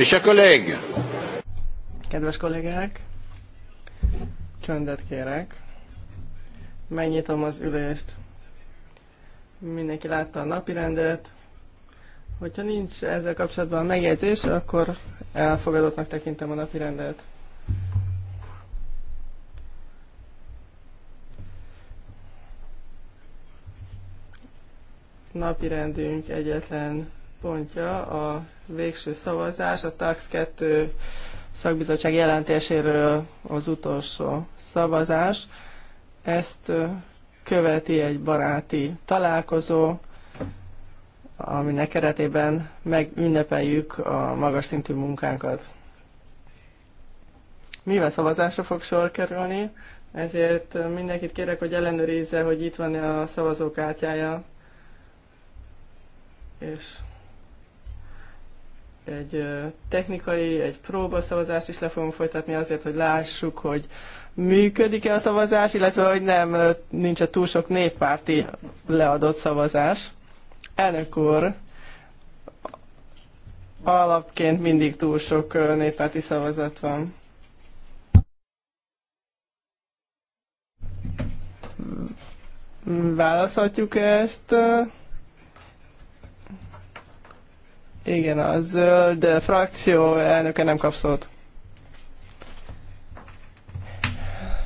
Mes chers collègues. Kedves kollégák, csöndet kérek. Megnyitom az ülést. Mindenki látta a napirendet. Hogyha nincs ezzel kapcsolatban megjegyzés, akkor elfogadottnak tekintem a napirendet. Napirendünk egyetlen pontja a végső szavazás, a TAX 2 szakbizottság jelentéséről az utolsó szavazás. Ezt követi egy baráti találkozó, aminek keretében megünnepeljük a magas szintű munkánkat. Mivel szavazásra fog sor kerülni, ezért mindenkit kérek, hogy ellenőrizze, hogy itt van -e a szavazókártyája, és egy technikai, egy próbaszavazást is le fogunk folytatni azért, hogy lássuk, hogy működik-e a szavazás, illetve hogy nem, nincs-e túl sok néppárti leadott szavazás. Elnök úr, alapként mindig túl sok néppárti szavazat van. Válaszhatjuk ezt. Igen, a zöld frakció elnöke nem kap szót.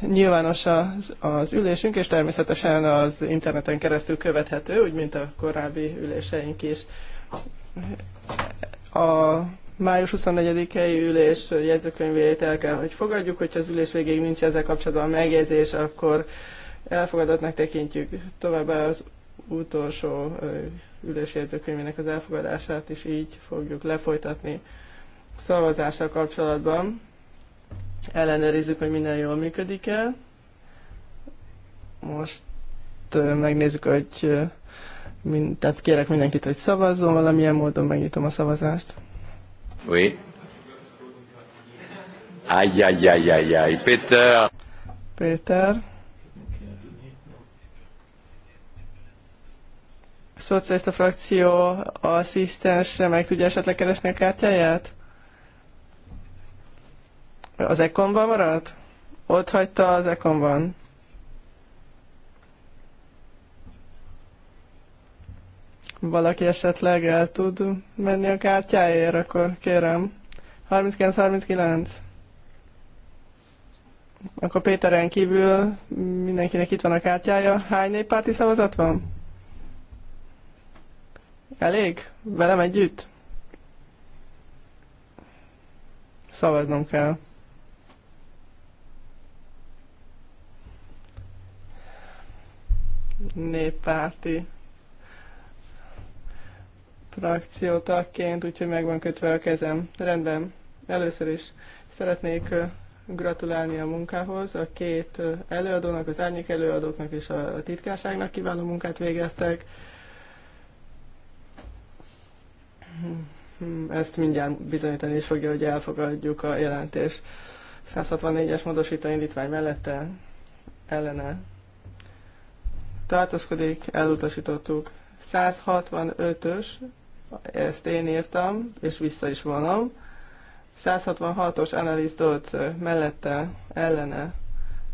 Nyilvános az, az ülésünk, és természetesen az interneten keresztül követhető, úgy mint a korábbi üléseink is. A május 24-i ülés jegyzőkönyvét el kell, hogy fogadjuk, hogyha az ülés végéig nincs ezzel kapcsolatban megjegyzés, akkor elfogadottnak tekintjük. Továbbá az utolsó jegyzőkönyvének az elfogadását is így fogjuk lefolytatni. Szavazással kapcsolatban ellenőrizzük, hogy minden jól működik-e. Most megnézzük, hogy min, tehát kérek mindenkit, hogy szavazzon valamilyen módon, megnyitom a szavazást. Oui. ajj. Péter. Péter. szocialista frakció asszisztense meg tudja esetleg keresni a kártyáját? Az ekonban maradt? Ott hagyta az ekonban. Valaki esetleg el tud menni a kártyáért, akkor kérem. 39-39. Akkor Péteren kívül mindenkinek itt van a kártyája. Hány néppárti szavazat van? Elég? Velem együtt? Szavaznom kell. Néppárti frakciótagként, úgyhogy meg van kötve a kezem. Rendben. Először is szeretnék gratulálni a munkához. A két előadónak, az árnyék előadóknak és a titkárságnak kiváló munkát végeztek ezt mindjárt bizonyítani is fogja, hogy elfogadjuk a jelentést. 164-es módosító indítvány mellette ellene tartózkodik, elutasítottuk. 165-ös, ezt én írtam, és vissza is vonom. 166-os Annelies mellette, ellene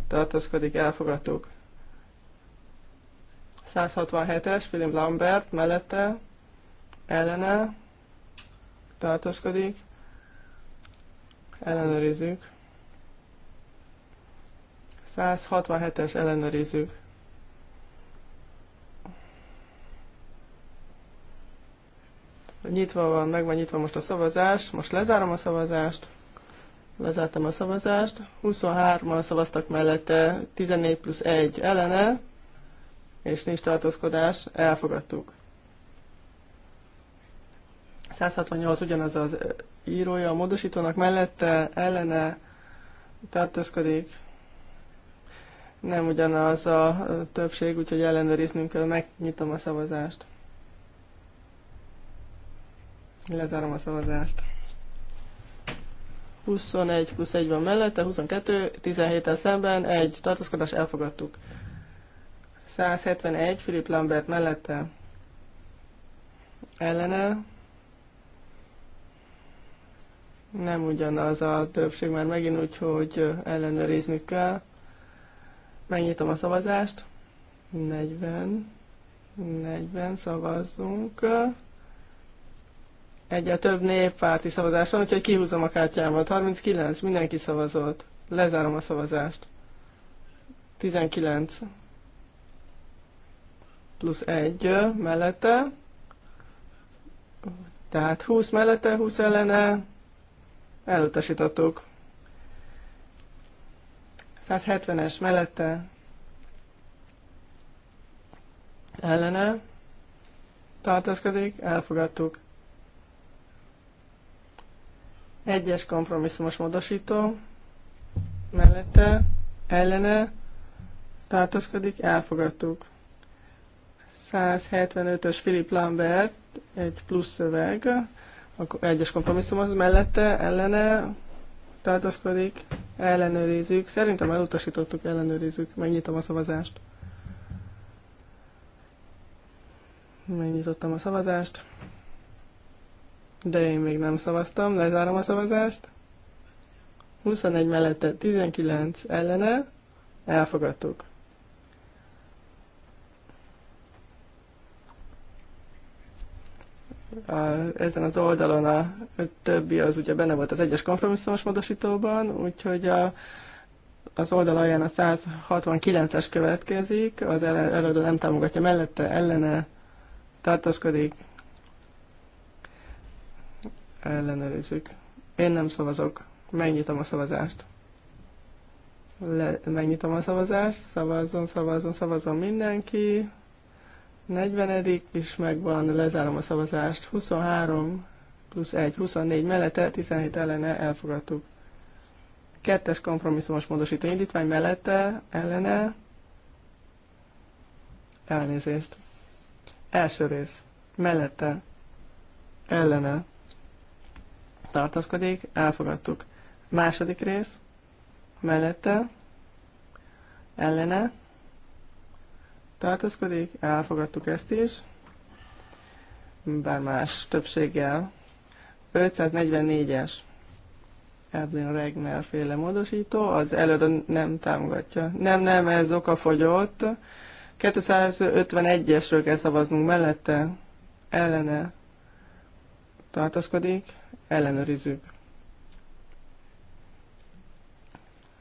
tartózkodik, elfogadtuk. 167-es Philip Lambert mellette, ellene tartózkodik, ellenőrizzük. 167-es ellenőrizzük. Nyitva van, meg van nyitva most a szavazás, most lezárom a szavazást, lezártam a szavazást, 23 mal szavaztak mellette, 14 plusz 1 ellene, és nincs tartózkodás, elfogadtuk. 168 ugyanaz az írója a módosítónak mellette, ellene tartózkodik. Nem ugyanaz a többség, úgyhogy ellenőriznünk kell, megnyitom a szavazást. Lezárom a szavazást. 21 plusz 1 van mellette, 22, 17 el szemben, egy tartózkodás, elfogadtuk. 171 Filip Lambert mellette ellene nem ugyanaz a többség, mert megint úgy, hogy ellenőrizni kell. Megnyitom a szavazást. 40. 40 szavazzunk. Egyre több néppárti szavazás van, úgyhogy kihúzom a kártyámat. 39, mindenki szavazott. Lezárom a szavazást. 19 plusz 1 mellette, tehát 20 mellette, 20 ellene, elutasítottuk. 170-es mellette ellene tartozkodik, elfogadtuk. Egyes kompromisszumos módosító mellette ellene tartozkodik, elfogadtuk. 175-ös Philip Lambert, egy plusz szöveg, a egyes kompromisszum az mellette, ellene tartozkodik, ellenőrizzük. Szerintem elutasítottuk, ellenőrizzük. Megnyitom a szavazást. Megnyitottam a szavazást. De én még nem szavaztam, lezárom a szavazást. 21 mellette 19 ellene, elfogadtuk. a, ezen az oldalon a többi az ugye benne volt az egyes kompromisszumos módosítóban, úgyhogy a, az oldal alján a 169-es következik, az előadó nem támogatja mellette, ellene tartózkodik, ellenőrizzük. Én nem szavazok, megnyitom a szavazást. Le, megnyitom a szavazást, szavazzon, szavazzon, szavazzon mindenki, 40. is megvan, lezárom a szavazást. 23 plusz 1, 24 mellette, 17 ellene elfogadtuk. Kettes kompromisszumos módosító indítvány mellette, ellene, elnézést. Első rész, mellette, ellene, tartózkodik, elfogadtuk. Második rész, mellette, ellene, tartózkodik, elfogadtuk ezt is, bár más többséggel. 544-es Evelyn Regner féle módosító, az előadó nem támogatja. Nem, nem, ez oka fogyott. 251-esről kell szavaznunk mellette, ellene tartózkodik, ellenőrizzük.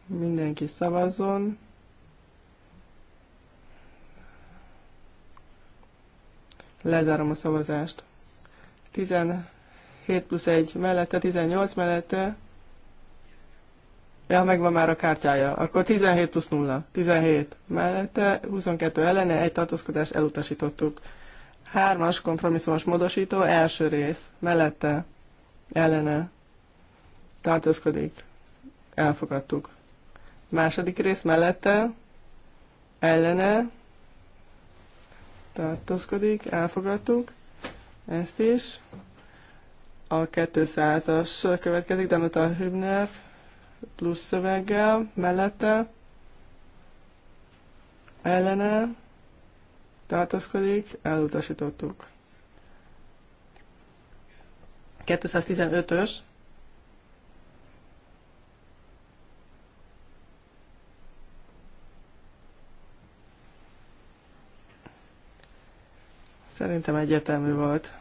Mindenki szavazzon. Lezárom a szavazást. 17 plusz 1 mellette, 18 mellette. Ja, megvan már a kártyája. Akkor 17 plusz 0. 17 mellette, 22 ellene, egy tartózkodás elutasítottuk. Hármas kompromisszumos módosító, első rész, mellette, ellene, tartózkodik, elfogadtuk. Második rész mellette, ellene, tartózkodik, elfogadtuk ezt is. A 200-as következik, Danuta Hübner plusz szöveggel, mellette, ellene, tartózkodik, elutasítottuk. 215-ös Szerintem egyértelmű volt.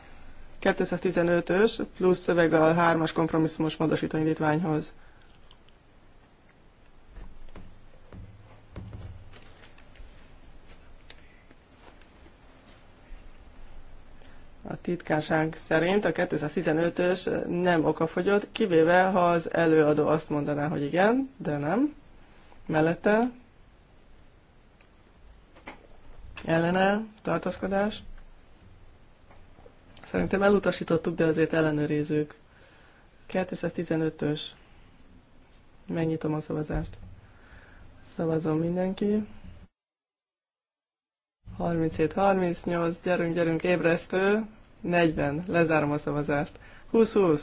215-ös plusz szöveg a 3-as kompromisszumos módosító indítványhoz. A titkárság szerint a 215-ös nem okafogyott, kivéve ha az előadó azt mondaná, hogy igen, de nem. Mellette ellene tartózkodás Szerintem elutasítottuk, de azért ellenőrizzük. 215-ös. Megnyitom a szavazást. Szavazom mindenki. 37-38, gyerünk, gyerünk, ébresztő. 40, lezárom a szavazást. 20-20.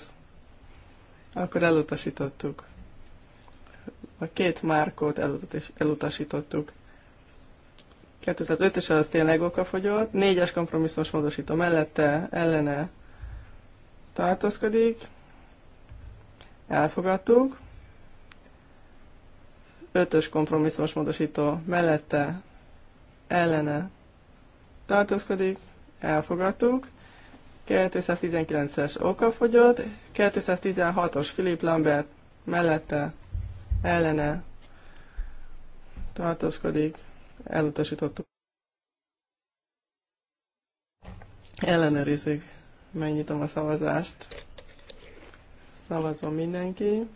Akkor elutasítottuk. A két márkót elutasítottuk. 2005 ös az tényleg okafogyott. négyes es kompromisszumos módosító mellette ellene tartózkodik. Elfogadtuk. ötös ös kompromisszumos módosító mellette ellene tartózkodik. Elfogadtuk. 219-es okafogyott. 216-os Philip Lambert mellette ellene tartózkodik Elutasítottuk. Ellenőrizzük. Megnyitom a szavazást. Szavazom mindenki.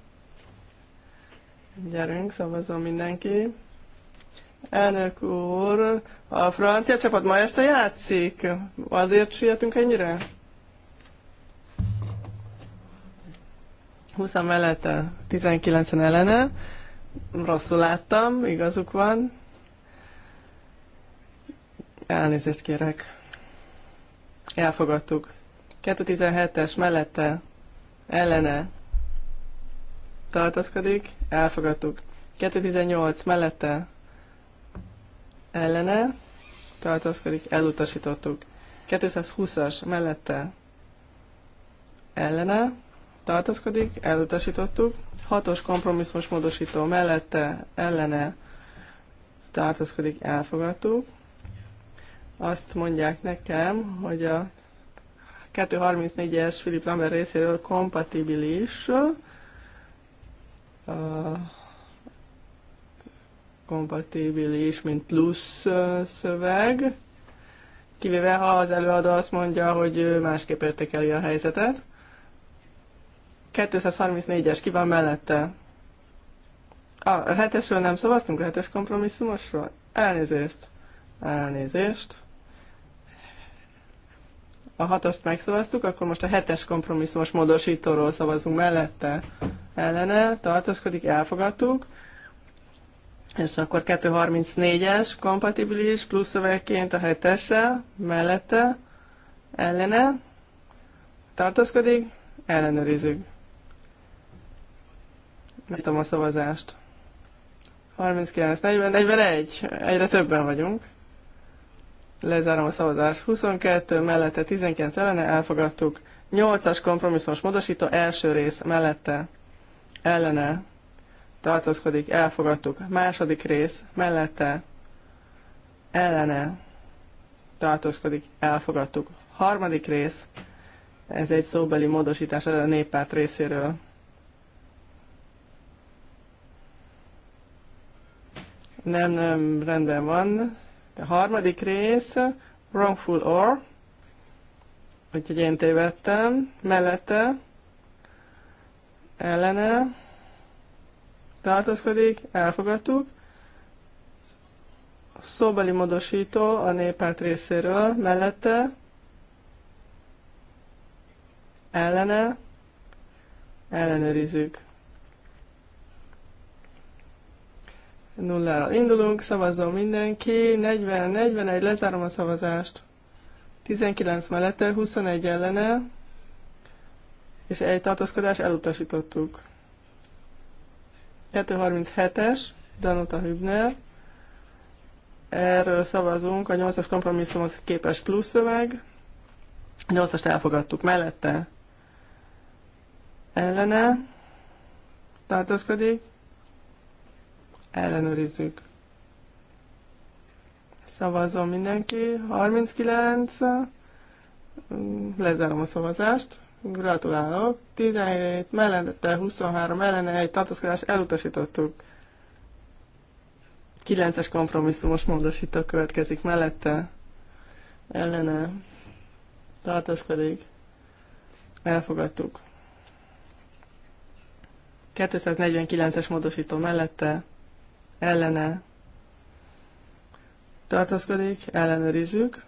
Gyerünk, szavazom mindenki. Elnök úr, a francia csapat ma este játszik. Azért sietünk ennyire? 20 mellette, 19 ellene. Rosszul láttam, igazuk van. Elnézést kérek. Elfogadtuk. 2017 es mellette ellene tartózkodik. Elfogadtuk. 2018 mellette ellene tartózkodik. Elutasítottuk. 220-as mellette ellene tartózkodik. Elutasítottuk. 6-os kompromisszumos módosító mellette ellene tartózkodik. Elfogadtuk azt mondják nekem, hogy a 234-es Philip Lambert részéről kompatibilis, kompatibilis, mint plusz szöveg, kivéve ha az előadó azt mondja, hogy másképp értékeli a helyzetet. 234-es, ki van mellette? A, a hetesről nem szavaztunk, a hetes kompromisszumosról? Elnézést. Elnézést. A hatost megszavaztuk, akkor most a hetes kompromisszumos módosítóról szavazunk mellette. Ellene tartózkodik, elfogadtuk. És akkor 234-es kompatibilis plusz szövegként a hetessel mellette, ellene, tartózkodik, ellenőrizzük. Megnyitom a szavazást. 39, 40, 41, egyre többen vagyunk. Lezárom a szavazást. 22 mellette, 19 ellene elfogadtuk. 8-as kompromisszumos módosító első rész mellette, ellene tartózkodik, elfogadtuk. Második rész mellette, ellene tartózkodik, elfogadtuk. Harmadik rész, ez egy szóbeli módosítás a néppárt részéről. Nem, nem, rendben van. A harmadik rész, wrongful or, úgyhogy én tévedtem, mellette, ellene, tartozkodik, elfogadtuk. Szóbeli módosító a néppárt részéről, mellette, ellene, ellenőrizzük. Nullára indulunk, szavazzon mindenki. 40, 41, lezárom a szavazást. 19 mellette, 21 ellene, és egy tartózkodás elutasítottuk. 237-es, Danuta Hübner. Erről szavazunk, a 8-as kompromisszumhoz képes plusz szöveg. A 8-ast elfogadtuk mellette. Ellene tartózkodik, ellenőrizzük. Szavazom mindenki. 39. Lezárom a szavazást. Gratulálok. 17 mellette, 23 ellene, egy tartózkodás elutasítottuk. 9-es kompromisszumos módosító következik mellette. Ellene. Tartózkodik. Elfogadtuk. 249-es módosító mellette ellene tartozkodik, ellenőrizzük.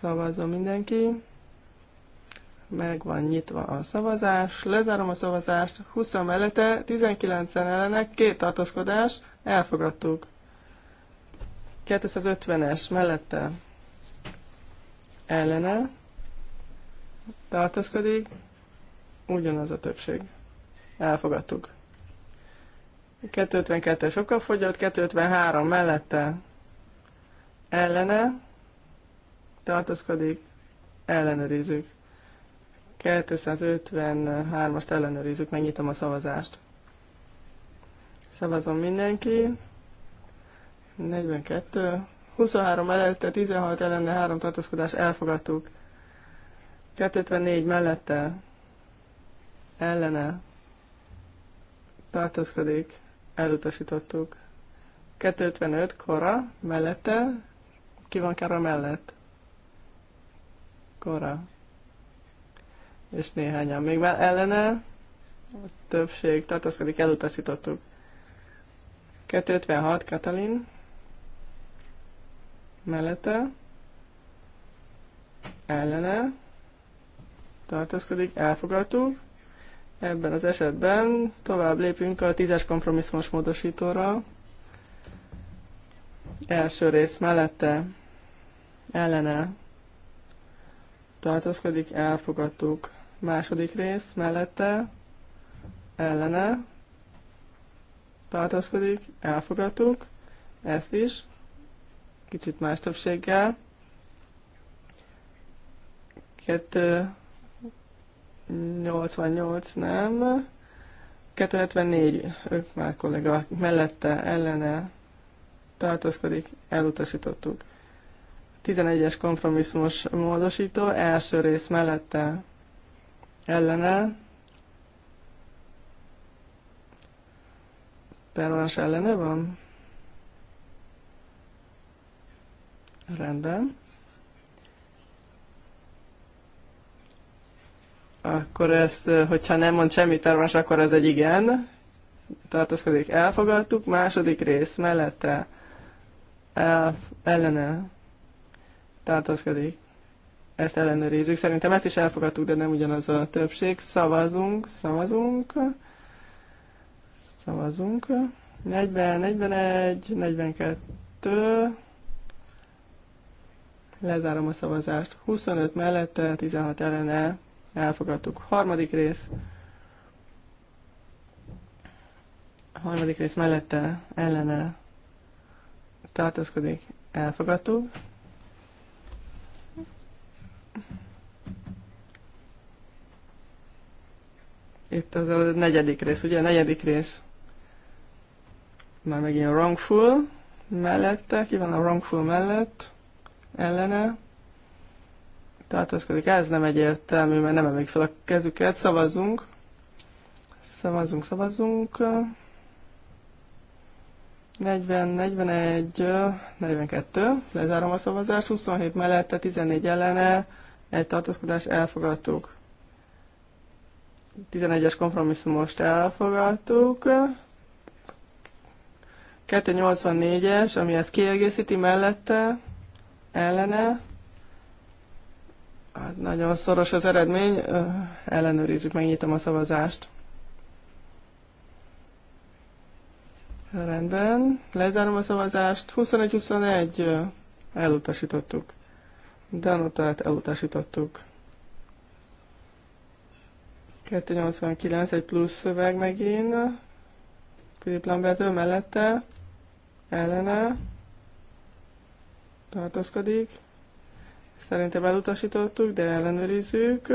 Szavazom mindenki. Meg van nyitva a szavazás. Lezárom a szavazást. 20 mellette, 19 ellenek, két tartozkodás. Elfogadtuk. 250-es mellette ellene tartozkodik. Ugyanaz a többség. Elfogadtuk. 252-es fogyott 253 mellette ellene tartózkodik, ellenőrizzük. 253-ast ellenőrizzük, megnyitom a szavazást. Szavazom mindenki. 42. 23 mellette, 16 ellene, 3 tartózkodás, elfogadtuk. 254 mellette, ellene, tartózkodik, elutasítottuk. 255 kora mellette, ki van kára mellett? Kora. És néhányan még ellene, a többség tartaszkodik elutasítottuk. 256 Katalin mellette, ellene, tartaszkodik elfogadtuk. Ebben az esetben tovább lépünk a tízes kompromisszumos módosítóra. Első rész mellette ellene tartózkodik, elfogadtuk. Második rész mellette ellene tartózkodik, elfogadtuk. Ezt is kicsit más többséggel. Kettő 88 nem. 274 ők már kollega mellette, ellene tartózkodik, elutasítottuk. 11-es kompromisszumos módosító, első rész mellette ellene, perolás ellene van? Rendben. Akkor ezt, hogyha nem mond semmi termes, akkor ez egy igen. Tartozkodik, elfogadtuk. Második rész mellette el, ellene tartozkodik. Ezt ellenőrizzük. Szerintem ezt is elfogadtuk, de nem ugyanaz a többség. Szavazunk, szavazunk, szavazunk. 40, 41, 42. Lezárom a szavazást. 25 mellette, 16 ellene elfogadtuk. Harmadik rész, harmadik rész mellette, ellene tartózkodik, elfogadtuk. Itt az a negyedik rész, ugye a negyedik rész már megint a wrongful mellette, ki van a wrongful mellett, ellene, tartózkodik. Ez nem egyértelmű, mert nem emelik fel a kezüket. Szavazunk. Szavazunk, szavazunk. 40, 41, 42. Lezárom a szavazást. 27 mellette, 14 ellene. Egy tartózkodás elfogadtuk. 11-es kompromisszumost elfogadtuk. 284-es, ami ezt kiegészíti mellette, ellene, Hát nagyon szoros az eredmény, ellenőrizzük, megnyitom a szavazást. Rendben, lezárom a szavazást. 21-21 elutasítottuk. Danutát elutasítottuk. 289, egy plusz szöveg megint. Filip Lambertől mellette, ellene tartózkodik. Szerintem elutasítottuk, de ellenőrizzük.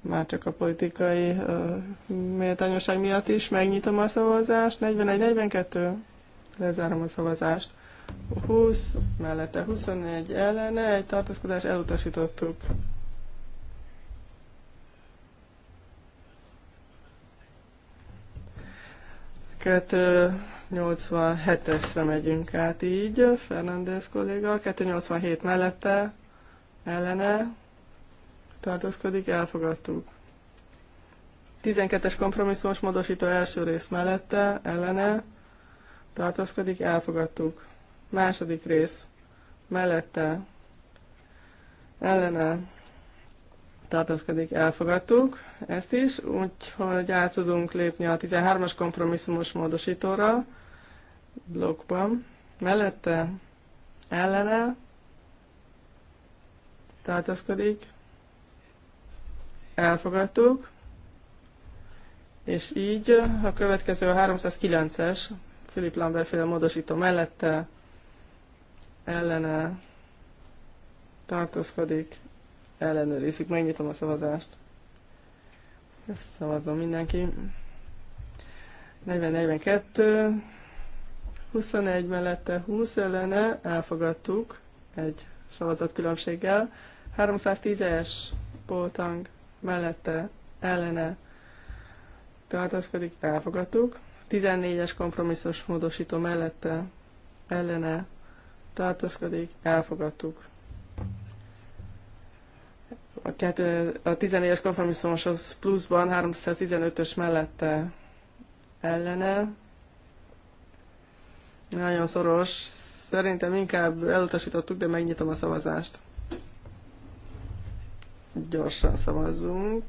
Már csak a politikai uh, méltányosság miatt is megnyitom a szavazást. 41-42. Lezárom a szavazást. 20 mellette 24 ellene, egy tartózkodás elutasítottuk. Kettő 87-esre megyünk át így, Fernández kolléga, 287 mellette ellene tartózkodik, elfogadtuk. 12-es kompromisszumos módosító első rész mellette, ellene tartózkodik, elfogadtuk. Második rész mellette, ellene tartózkodik, elfogadtuk ezt is, úgyhogy át tudunk lépni a 13-as kompromisszumos módosítóra blokkban. Mellette, ellene tartózkodik, elfogadtuk, és így a következő a 309-es Philip Lambert féle módosító mellette ellene tartózkodik, ellenőrizik. megnyitom a szavazást. Szavazom mindenki. 40-42, 21 mellette 20 ellene, elfogadtuk egy szavazat különbséggel. 310-es Poltang mellette ellene tartózkodik, elfogadtuk. 14-es kompromisszos módosító mellette ellene tartózkodik, elfogadtuk. A, a 14-es kompromisszumos az pluszban 315-ös mellette ellene. Nagyon szoros, szerintem inkább elutasítottuk, de megnyitom a szavazást. Gyorsan szavazzunk.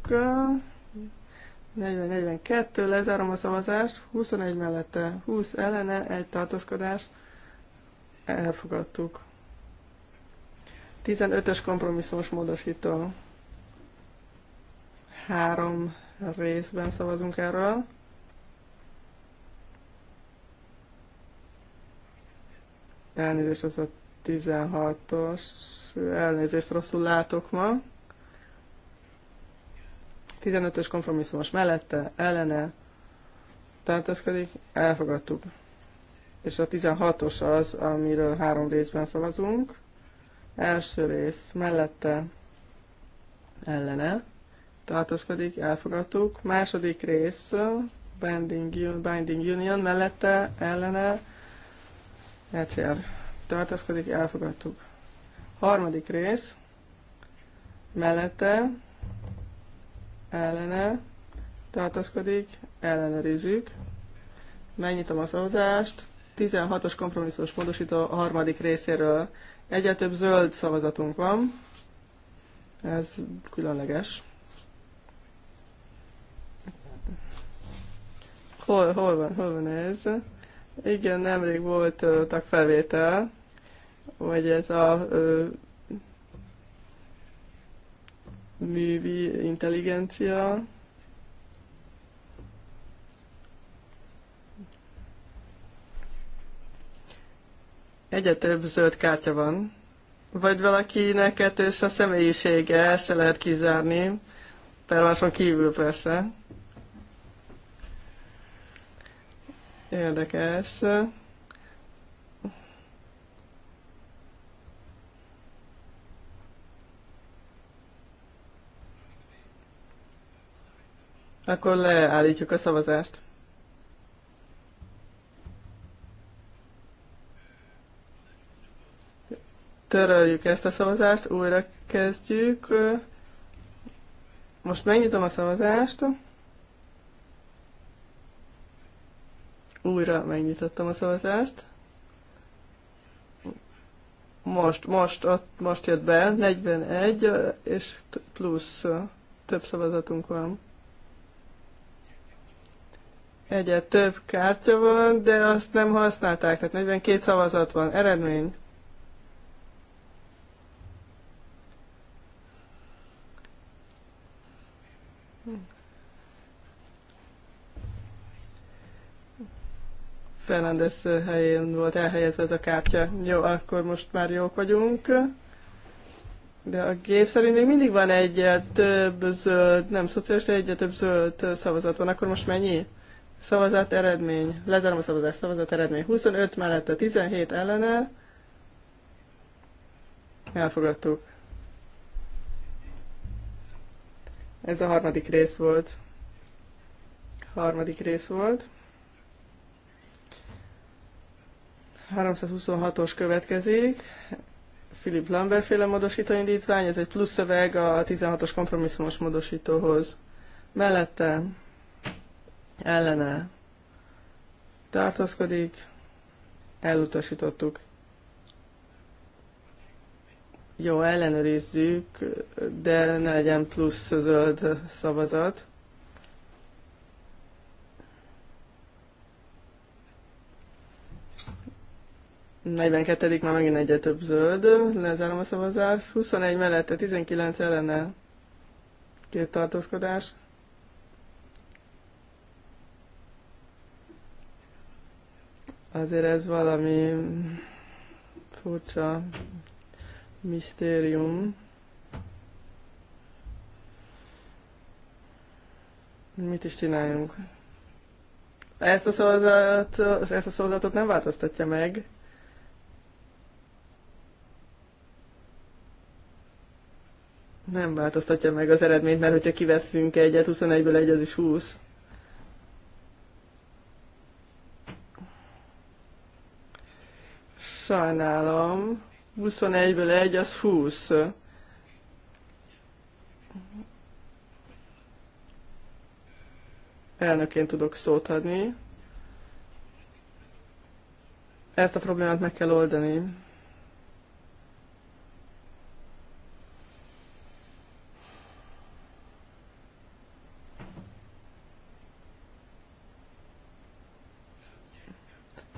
40-42, lezárom a szavazást, 21 mellette, 20 ellene, egy tartózkodás, elfogadtuk. 15-ös kompromisszumos módosító. Három részben szavazunk erről. Elnézést, az a 16-os. Elnézést, rosszul látok ma. 15-ös kompromisszumos mellette, ellene tartózkodik, elfogadtuk. És a 16-os az, amiről három részben szavazunk. Első rész mellette, ellene tartózkodik, elfogadtuk. Második rész, Binding, Binding Union mellette, ellene, egyszer tartózkodik, elfogadtuk. Harmadik rész, mellette, ellene tartozkodik, ellenőrizzük. Megnyitom a szavazást. 16-os kompromisszós módosító a harmadik részéről. Egyre több zöld szavazatunk van. Ez különleges. Hol, hol van, hol van ez? Igen, nemrég volt uh, tagfelvétel, vagy ez a uh, művi intelligencia, egyre több zöld kártya van, vagy valakinek kettős a személyisége, se lehet kizárni, Termáson kívül persze. Érdekes. Akkor leállítjuk a szavazást. Töröljük ezt a szavazást, újra kezdjük. Most megnyitom a szavazást. Újra megnyitottam a szavazást. Most, most, ott, most jött be, 41, és plusz több szavazatunk van egyet több kártya van, de azt nem használták, tehát 42 szavazat van. Eredmény. Fernández helyén volt elhelyezve ez a kártya. Jó, akkor most már jók vagyunk. De a gép szerint még mindig van egy több zöld, nem szociális, egy több zöld szavazat van. Akkor most mennyi? Szavazat eredmény, lezárom a szavazás, szavazat eredmény 25 mellette, 17 ellene. Elfogadtuk. Ez a harmadik rész volt. Harmadik rész volt. 326-os következik. Philip Lambert féle módosító indítvány, ez egy plusz szöveg a 16-os kompromisszumos módosítóhoz. Mellette ellene tartózkodik, elutasítottuk. Jó, ellenőrizzük, de ne legyen plusz zöld szavazat. 42 már megint egyre több zöld, lezárom a szavazást. 21 mellette, 19 ellene két tartózkodás. Azért ez valami furcsa misztérium. Mit is csináljunk? Ezt a, szavazat, ezt a szavazatot nem változtatja meg. Nem változtatja meg az eredményt, mert hogyha kiveszünk egyet, 21-ből egy az is 20. Sajnálom. 21-ből 1 az 20. Elnökén tudok szót adni. Ezt a problémát meg kell oldani.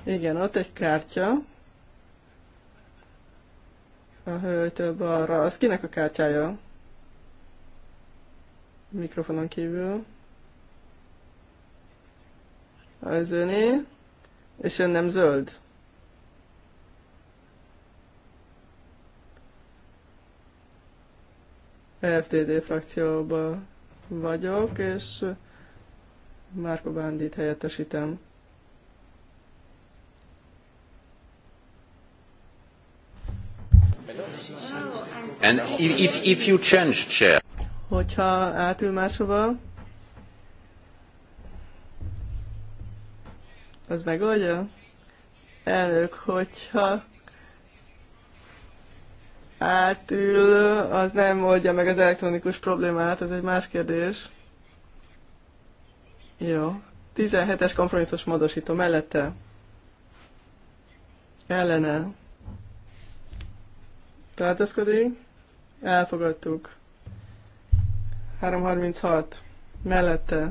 Igen, ott egy kártya a hölgytől balra. Az kinek a kártyája? Mikrofonon kívül. Az öné, és ön nem zöld. FDD frakcióban vagyok, és Márko Bándit helyettesítem. And if, if, if you change chair. Hogyha átül máshova, az megoldja? Elnök, hogyha átül, az nem oldja meg az elektronikus problémát, ez egy más kérdés. Jó. 17-es kompromisszus módosító mellette. Ellene. Tartozkodik elfogadtuk. 336 mellette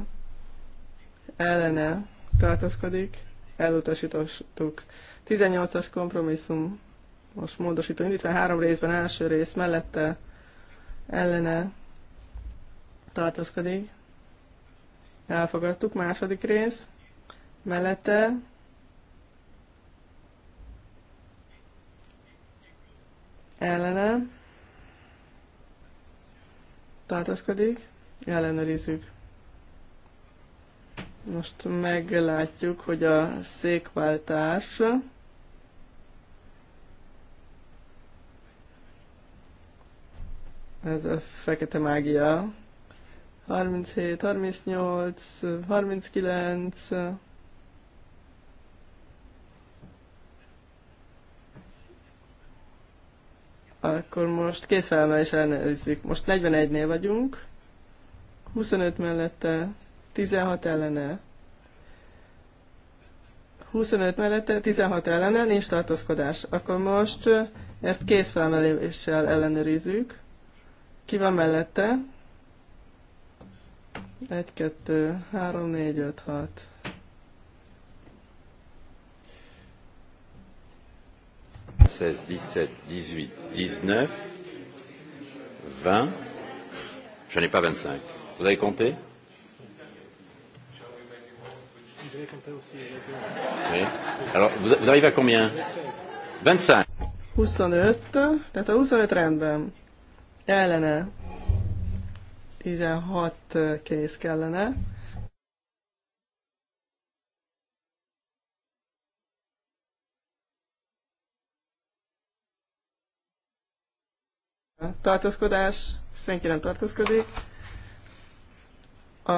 ellene tartózkodik, elutasítottuk. 18-as kompromisszum, most módosító indítva három részben, első rész mellette ellene tartózkodik, elfogadtuk, második rész, mellette ellene tartózkodik, ellenőrizzük. Most meglátjuk, hogy a székváltás ez a fekete mágia 37, 38, 39 Akkor most készfelemmel is ellenőrizzük. Most 41-nél vagyunk. 25 mellette, 16 ellene. 25 mellette, 16 ellene, nincs tartózkodás. Akkor most ezt készfelemeléssel ellenőrizzük. Ki van mellette? 1, 2, 3, 4, 5, 6. 16, 17, 18, 19, 20. Je n'ai pas 25. Vous avez compté oui. Alors, vous, vous arrivez à combien 25. 25, tehát a 25 rendben. Ellene 16 kész kellene. Tartózkodás, senki nem tartózkodik. A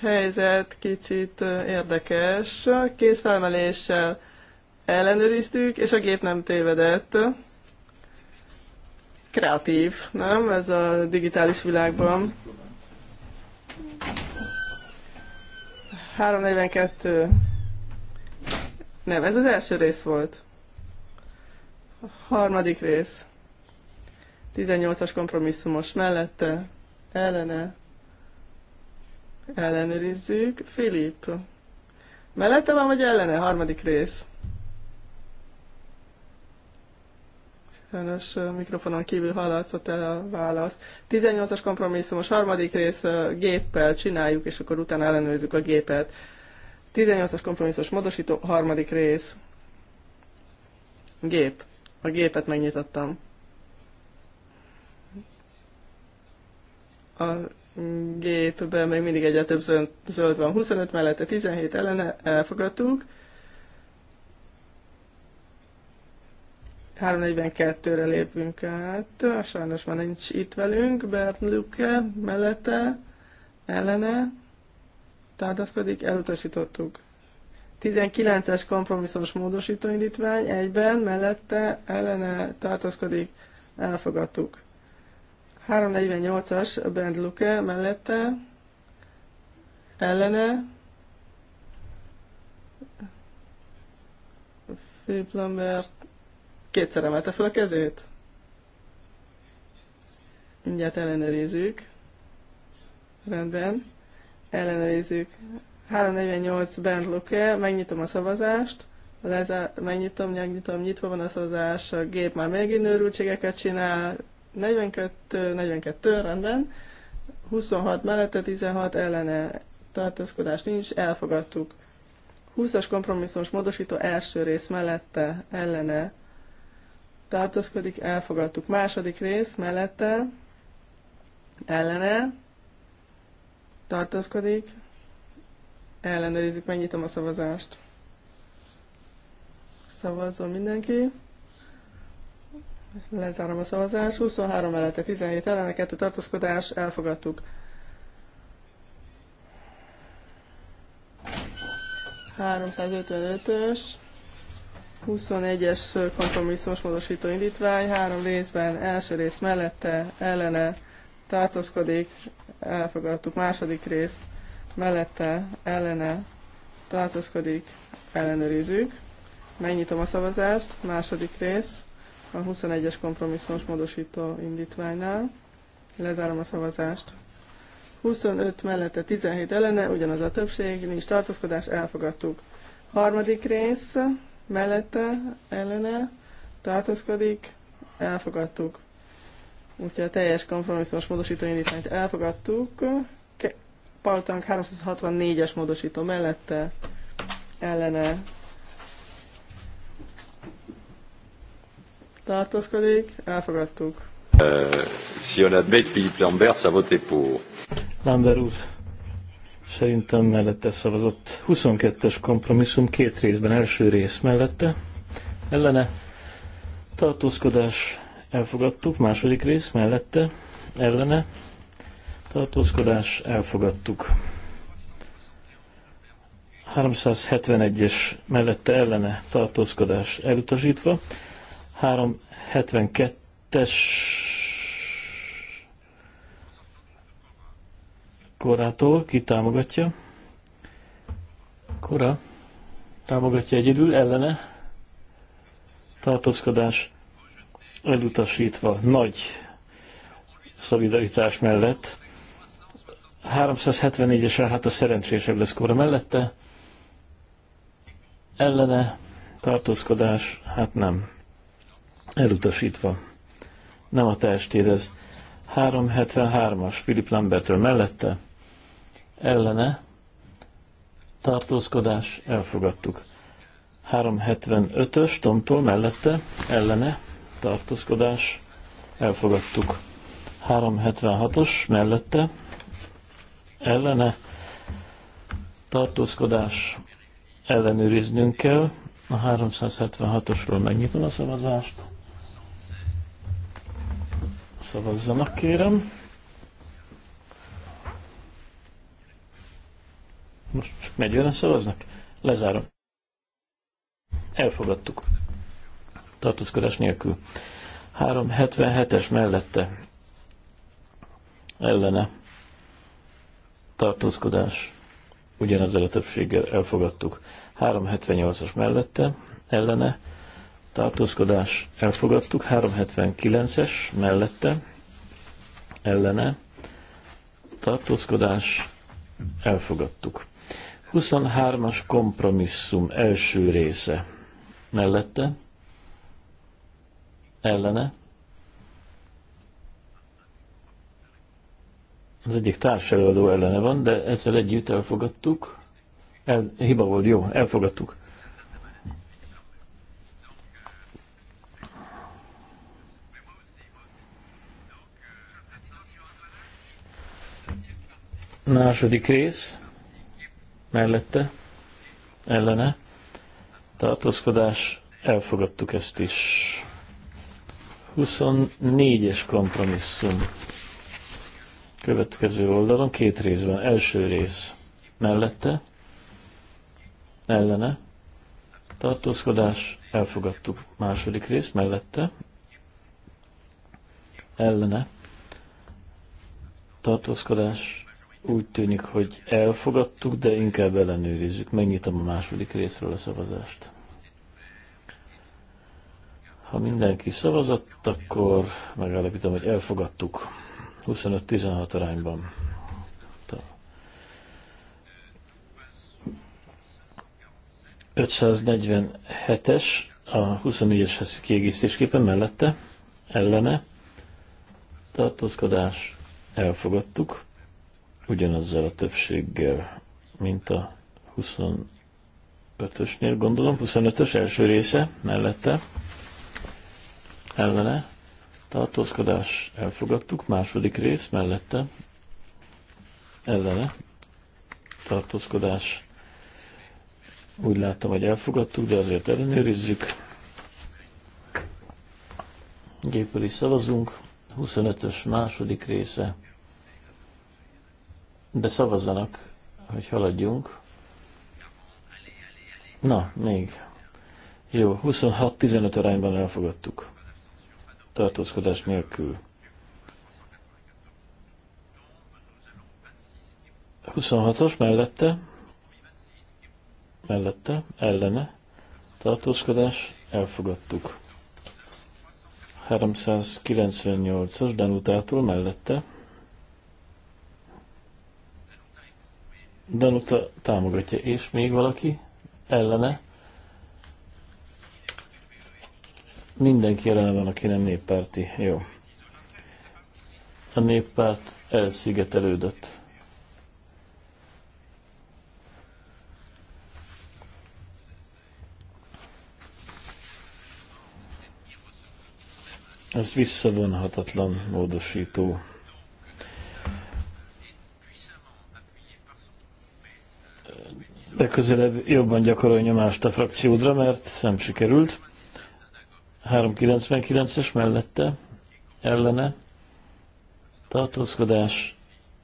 helyzet kicsit érdekes. Kézfelmeléssel ellenőriztük, és a gép nem tévedett. Kreatív, nem? Ez a digitális világban. 342. Nem, ez az első rész volt. A harmadik rész. 18-as kompromisszumos mellette ellene ellenőrizzük. Filip, mellette van vagy ellene? Harmadik rész. Sajnos mikrofonon kívül hallatszott el a válasz. 18-as kompromisszumos harmadik rész géppel csináljuk, és akkor utána ellenőrizzük a gépet. 18-as kompromisszumos módosító harmadik rész. Gép. A gépet megnyitottam. a gépben még mindig egyre több zöld van. 25 mellette 17 ellene elfogadtuk. 342-re lépünk át. Ah, sajnos már nincs itt velünk. Bert Luke mellette ellene tárdaszkodik, elutasítottuk. 19-es kompromisszumos módosítóindítvány egyben, mellette ellene tartozkodik. elfogadtuk. 348-as Bernd Luke mellette, ellene, Philip Lambert kétszer emelte fel a kezét. Mindjárt ellenőrizzük. Rendben. Ellenőrizzük. 348 Bernd Luke, megnyitom a szavazást. Leza, megnyitom, megnyitom, nyitva van a szavazás, a gép már megint őrültségeket csinál, 42, 42, rendben. 26 mellette, 16 ellene tartózkodás nincs, elfogadtuk. 20-as kompromisszumos módosító első rész mellette, ellene tartózkodik, elfogadtuk. Második rész mellette, ellene tartózkodik, ellenőrizzük, megnyitom a szavazást. Szavazzon mindenki. Lezárom a szavazást. 23 mellette 17 ellene, 2 tartózkodás, elfogadtuk. ...355-ös, 21-es kompromisszumos módosító indítvány, három részben, első rész mellette, ellene, tartózkodik, elfogadtuk. Második rész mellette, ellene, tartózkodik, ellenőrizzük. Megnyitom a szavazást, második rész a 21-es kompromisszumos módosító indítványnál. Lezárom a szavazást. 25 mellette 17 ellene, ugyanaz a többség, nincs tartózkodás, elfogadtuk. Harmadik rész, mellette, ellene, tartózkodik, elfogadtuk. Úgyhogy a teljes kompromisszumos módosító indítványt elfogadtuk. Paltank 364-es módosító mellette, ellene tartózkodik, elfogadtuk. Uh, si on admet Philippe Lambert, ça voté pour. Lambert úr, szerintem mellette szavazott. 22-es kompromisszum két részben, első rész mellette, ellene tartózkodás elfogadtuk, második rész mellette, ellene tartózkodás elfogadtuk. 371-es mellette ellene tartózkodás elutasítva, 372-es korától, ki támogatja. Kora támogatja egyedül, ellene tartózkodás elutasítva nagy szolidaritás mellett. 374-esre hát a szerencsésebb lesz kora mellette. Ellene tartózkodás, hát nem elutasítva. Nem a testér ez. 373-as Philip Lambertől mellette, ellene, tartózkodás, elfogadtuk. 375-ös Tomtól mellette, ellene, tartózkodás, elfogadtuk. 376-os mellette, ellene, tartózkodás, ellenőriznünk kell. A 376-osról megnyitom a szavazást. Szavazzanak kérem. Most csak 40-en szavaznak? Lezárom. Elfogadtuk. Tartózkodás nélkül. 377-es mellette. Ellene. Tartózkodás. Ugyanezzel a többséggel elfogadtuk. 378-as mellette. Ellene tartózkodás elfogadtuk, 379-es mellette, ellene, tartózkodás elfogadtuk. 23-as kompromisszum első része mellette, ellene, az egyik társelőadó ellene van, de ezzel együtt elfogadtuk, el, hiba volt, jó, elfogadtuk. Második rész mellette, ellene, tartózkodás, elfogadtuk ezt is. 24-es kompromisszum. Következő oldalon két részben. Első rész mellette, ellene, tartózkodás, elfogadtuk. Második rész mellette, ellene, tartózkodás, úgy tűnik, hogy elfogadtuk, de inkább ellenőrizzük. Megnyitom a második részről a szavazást. Ha mindenki szavazott, akkor megállapítom, hogy elfogadtuk 25-16 arányban. Ta. 547-es a 24-eshez kiegészítésképpen mellette, ellene, tartózkodás, elfogadtuk ugyanazzal a többséggel, mint a 25-ösnél, gondolom, 25-ös első része mellette, ellene, tartózkodás elfogadtuk, második rész mellette, ellene, tartózkodás úgy láttam, hogy elfogadtuk, de azért ellenőrizzük. Géppel is szavazunk. 25-ös második része. De szavazzanak, hogy haladjunk. Na, még. Jó, 26-15 arányban elfogadtuk. Tartózkodás nélkül. 26-os mellette, mellette, ellene, tartózkodás, elfogadtuk. 398-as Danutától mellette, Danuta támogatja, és még valaki ellene. Mindenki ellene van, aki nem néppárti. Jó. A néppárt elszigetelődött. Ez visszavonhatatlan módosító. legközelebb jobban gyakorolj nyomást a frakciódra, mert nem sikerült. 399-es mellette, ellene, tartózkodás,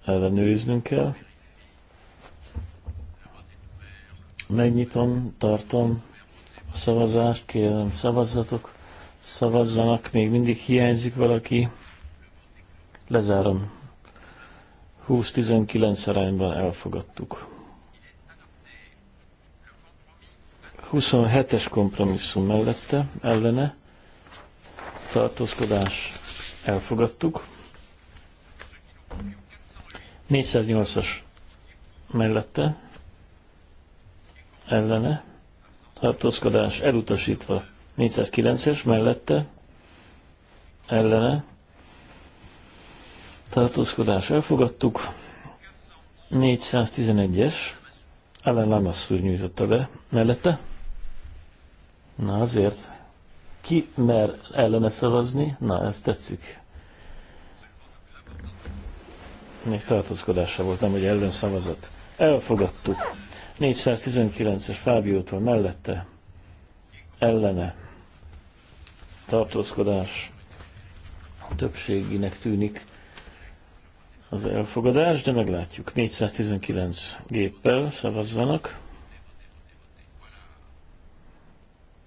ellenőriznünk kell. Megnyitom, tartom a szavazást, kérem szavazzatok, szavazzanak, még mindig hiányzik valaki. Lezárom. 20-19 arányban elfogadtuk. 27-es kompromisszum mellette, ellene, tartózkodás, elfogadtuk. 408-as mellette, ellene, tartózkodás, elutasítva. 409-es mellette, ellene, tartózkodás, elfogadtuk. 411-es, Ellen Lamasszúr nyújtotta be mellette, Na azért, ki mer ellene szavazni? Na, ez tetszik. Még tartózkodása volt, nem, hogy ellen szavazott. Elfogadtuk. 419-es Fábiótól mellette ellene tartózkodás többséginek tűnik az elfogadás, de meglátjuk. 419 géppel szavazzanak.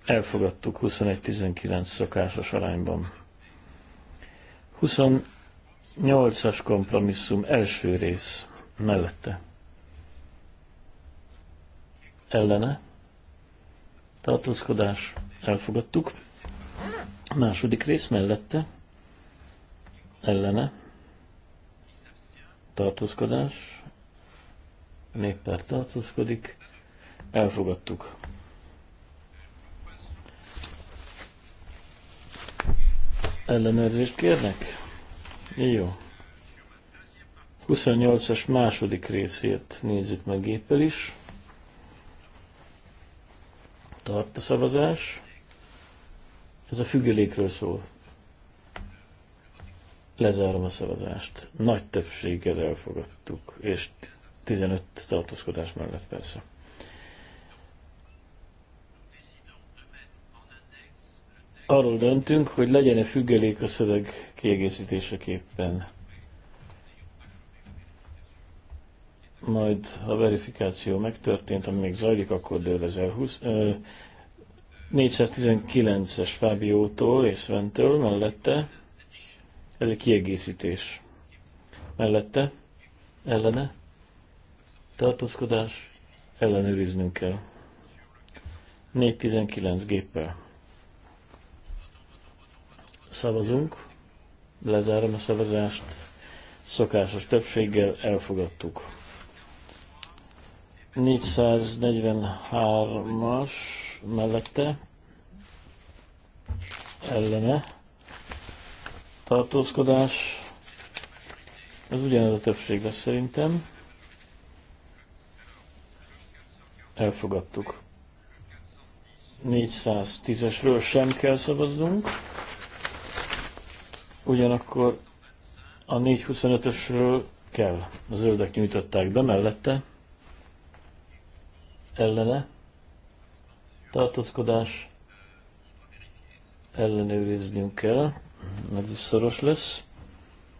elfogadtuk 21-19 szokásos arányban. 28-as kompromisszum első rész mellette. Ellene. Tartózkodás. Elfogadtuk. Második rész mellette. Ellene. Tartózkodás. Néppár tartózkodik. Elfogadtuk. Ellenőrzést kérnek? Jó. 28-as második részét nézzük meg géppel is. Tart a szavazás. Ez a függelékről szól. Lezárom a szavazást. Nagy többséggel elfogadtuk, és 15 tartózkodás mellett persze. arról döntünk, hogy legyen-e függelék a szöveg kiegészítéseképpen. Majd a verifikáció megtörtént, ami még zajlik, akkor dől ez el 419-es Fábiótól és Sventől mellette. Ez egy kiegészítés. Mellette, ellene, tartózkodás, ellenőriznünk kell. 419 géppel szavazunk, lezárom a szavazást, szokásos többséggel elfogadtuk. 443-as mellette ellene tartózkodás. Ez ugyanaz a többség lesz szerintem. Elfogadtuk. 410-esről sem kell szavaznunk. Ugyanakkor a 425-ösről kell. A zöldek nyújtották be mellette. Ellene. Tartózkodás. Ellenőriznünk kell. Ez is szoros lesz.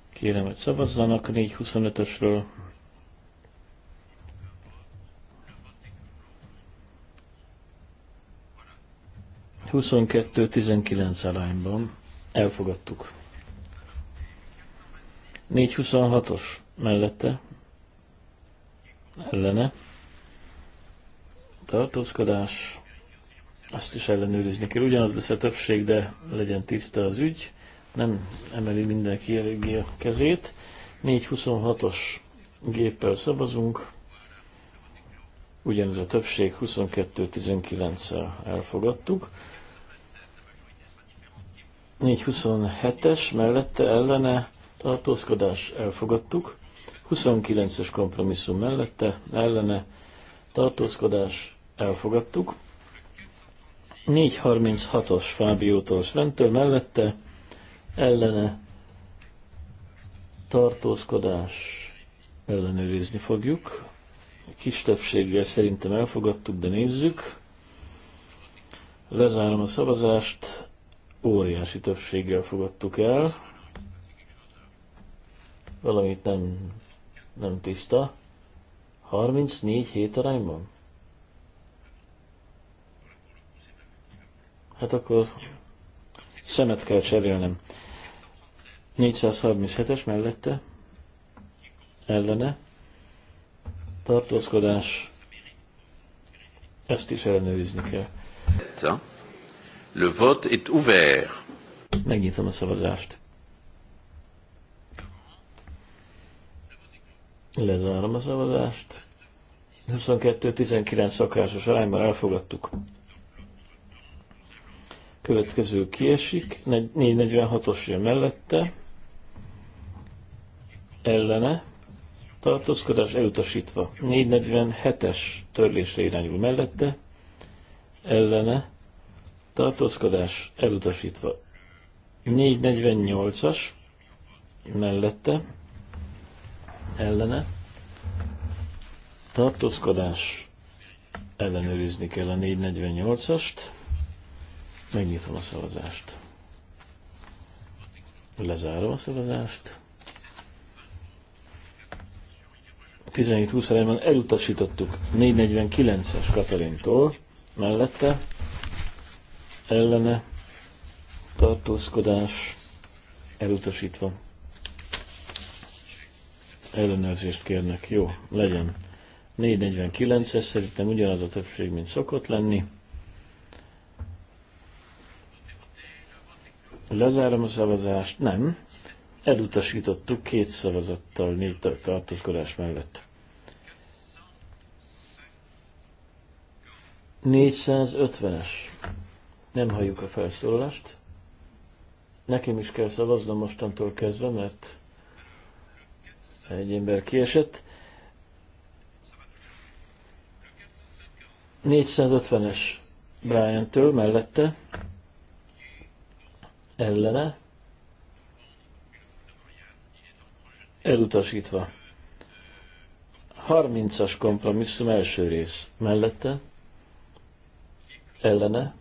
Kérem, hogy szavazzanak a 425-ösről. Huszonkettő tizenkilenc arányban elfogadtuk. 426-os mellette ellene tartózkodás, azt is ellenőrizni kell. Ugyanaz lesz a többség, de legyen tiszta az ügy. Nem emeli mindenki eléggé a kezét. 426-os géppel szavazunk. Ugyanez a többség 22-19-el elfogadtuk. 427-es mellette ellene tartózkodás elfogadtuk, 29-es kompromisszum mellette, ellene tartózkodás elfogadtuk, 436-os Fábiótól Sventől mellette, ellene tartózkodás ellenőrizni fogjuk. Kis többséggel szerintem elfogadtuk, de nézzük. Lezárom a szavazást, óriási többséggel fogadtuk el valamit nem, nem tiszta. 34 hét arányban? Hát akkor szemet kell cserélnem. 437-es mellette, ellene, tartózkodás, ezt is ellenőrizni kell. Le vote est ouvert. Megnyitom a szavazást. Lezárom a szavazást. 22-19 szakásos arányban elfogadtuk. Következő kiesik, 446-os jön mellette, ellene, tartózkodás elutasítva. 447-es törlésre irányul mellette, ellene, tartózkodás elutasítva. 448-as mellette, ellene. Tartózkodás ellenőrizni kell a 448-ast. Megnyitom a szavazást. Lezárom a szavazást. 17-20 arányban elutasítottuk 449-es Katalintól mellette ellene tartózkodás elutasítva ellenőrzést kérnek. Jó, legyen. 449-es szerintem ugyanaz a többség, mint szokott lenni. Lezárom a szavazást. Nem. Elutasítottuk két szavazattal négy tartózkodás mellett. 450-es. Nem halljuk a felszólalást. Nekem is kell szavaznom mostantól kezdve, mert egy ember kiesett. 450-es Brian-től mellette, ellene, elutasítva. 30-as kompromisszum első rész mellette, ellene,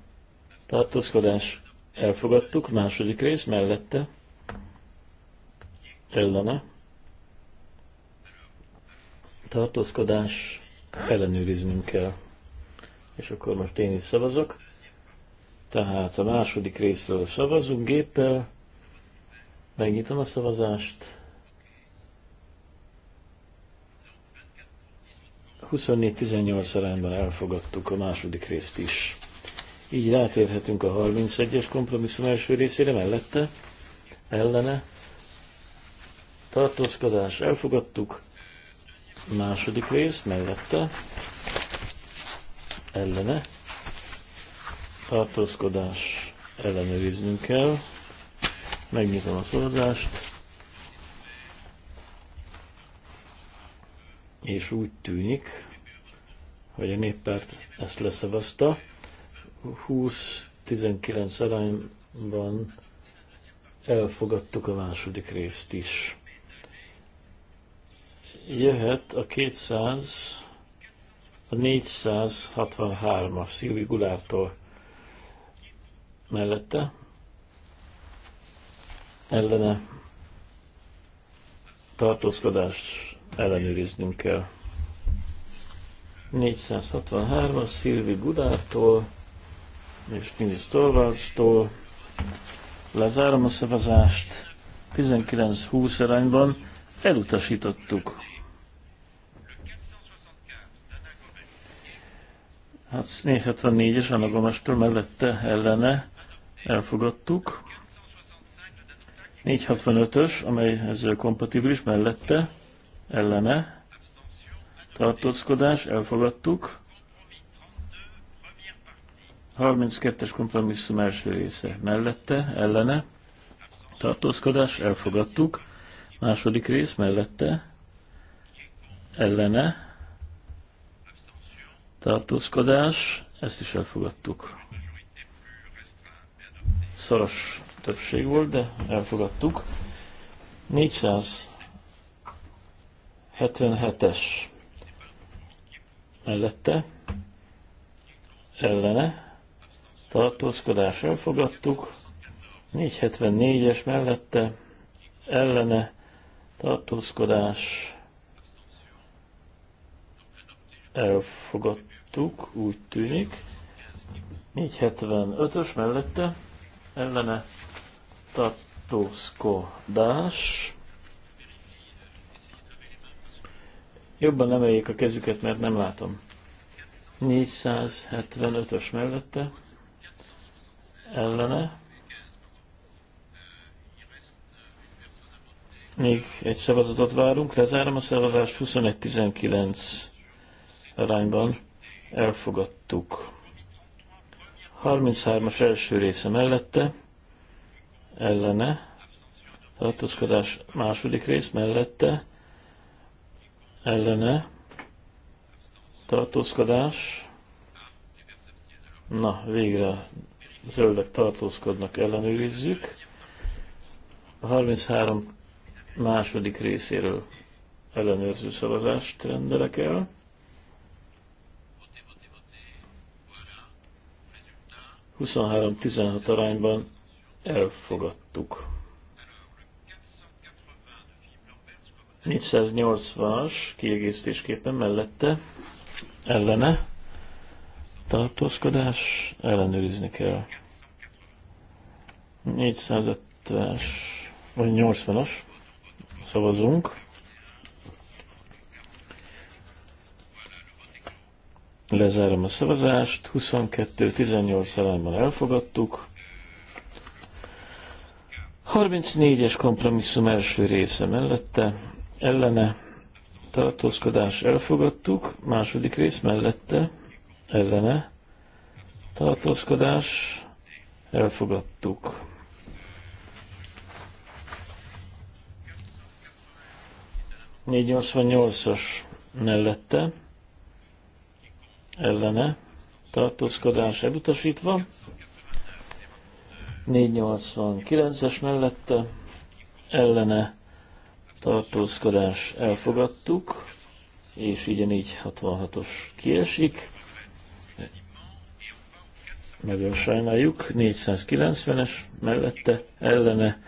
tartózkodás elfogadtuk, második rész mellette, ellene, tartózkodás, ellenőriznünk kell. És akkor most én is szavazok. Tehát a második részről szavazunk géppel. Megnyitom a szavazást. 24-18 arányban elfogadtuk a második részt is. Így rátérhetünk a 31-es kompromisszum első részére mellette, ellene. Tartózkodás elfogadtuk, Második rész mellette ellene tartózkodás ellenőriznünk kell. Megnyitom a szavazást. És úgy tűnik, hogy a néppárt ezt leszavazta. 20-19 arányban elfogadtuk a második részt is jöhet a 200, a 463-as Szilvi Gulártól mellette, ellene tartózkodást ellenőriznünk kell. 463-as Szilvi Gulártól és Minis Torvaldstól lezárom a szavazást 19-20 arányban elutasítottuk. Hát 474-es Anna Gomestől mellette ellene elfogadtuk. 465-ös, amely ezzel kompatibilis, mellette ellene tartózkodás, elfogadtuk. 32-es kompromisszum első része mellette, ellene, tartózkodás, elfogadtuk. Második rész mellette, ellene, tartózkodás, ezt is elfogadtuk. Szoros többség volt, de elfogadtuk. 477-es mellette, ellene, tartózkodás elfogadtuk, 474-es mellette, ellene, tartózkodás elfogadtuk láttuk, úgy tűnik. 475-ös mellette ellene tartózkodás. Jobban emeljék a kezüket, mert nem látom. 475-ös mellette ellene. Még egy szavazatot várunk, lezárom a szavazást 21-19 arányban elfogadtuk. 33-as első része mellette, ellene, tartózkodás második rész mellette, ellene, tartózkodás, na végre zöldek tartózkodnak, ellenőrizzük. A 33 második részéről ellenőrző szavazást rendelek el. 23-16 arányban elfogadtuk. 480-as kiegészítésképpen mellette ellene tartózkodás ellenőrizni kell. 450-es vagy 80-as szavazunk. Lezárom a szavazást. 22-18 arányban elfogadtuk. 34-es kompromisszum első része mellette, ellene tartózkodás elfogadtuk, második rész mellette, ellene tartózkodás elfogadtuk. Négy as mellette, ellene tartózkodás elutasítva, 489-es mellette ellene tartózkodás elfogadtuk, és így a 466-os kiesik. Nagyon sajnáljuk, 490-es mellette ellene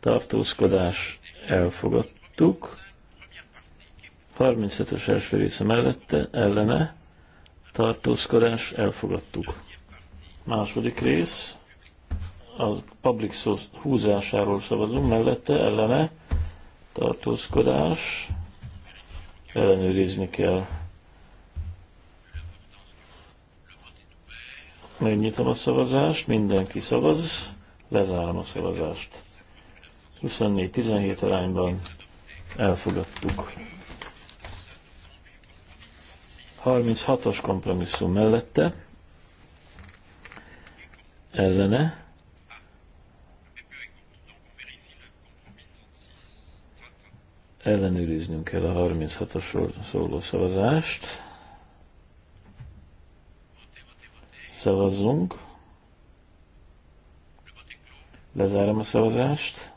tartózkodás elfogadtuk. 35-ös első része mellette ellene tartózkodás, elfogadtuk. Második rész, a public source húzásáról szavazunk, mellette ellene tartózkodás, ellenőrizni kell. Megnyitom a szavazást, mindenki szavaz, lezárom a szavazást. 24-17 arányban elfogadtuk. 36-os kompromisszum mellette, ellene, ellenőriznünk kell a 36-osról szóló szavazást. Szavazzunk. Lezárom a szavazást.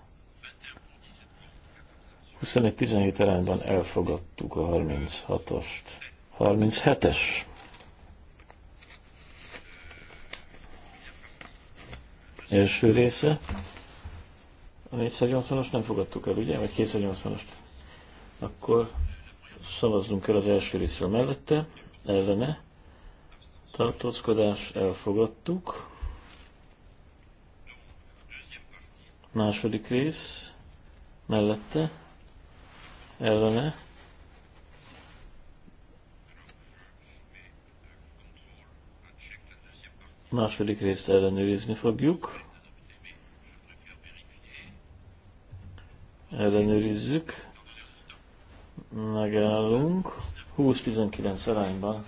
21-17 arányban elfogadtuk a 36-ost. 37-es. Első része. A 480-as nem fogadtuk el, ugye? Vagy 280 as Akkor szavazzunk el az első részről mellette, ellene. Tartózkodás elfogadtuk. Második rész mellette, ellene Második részt ellenőrizni fogjuk. Ellenőrizzük. Megállunk. 20-19 arányban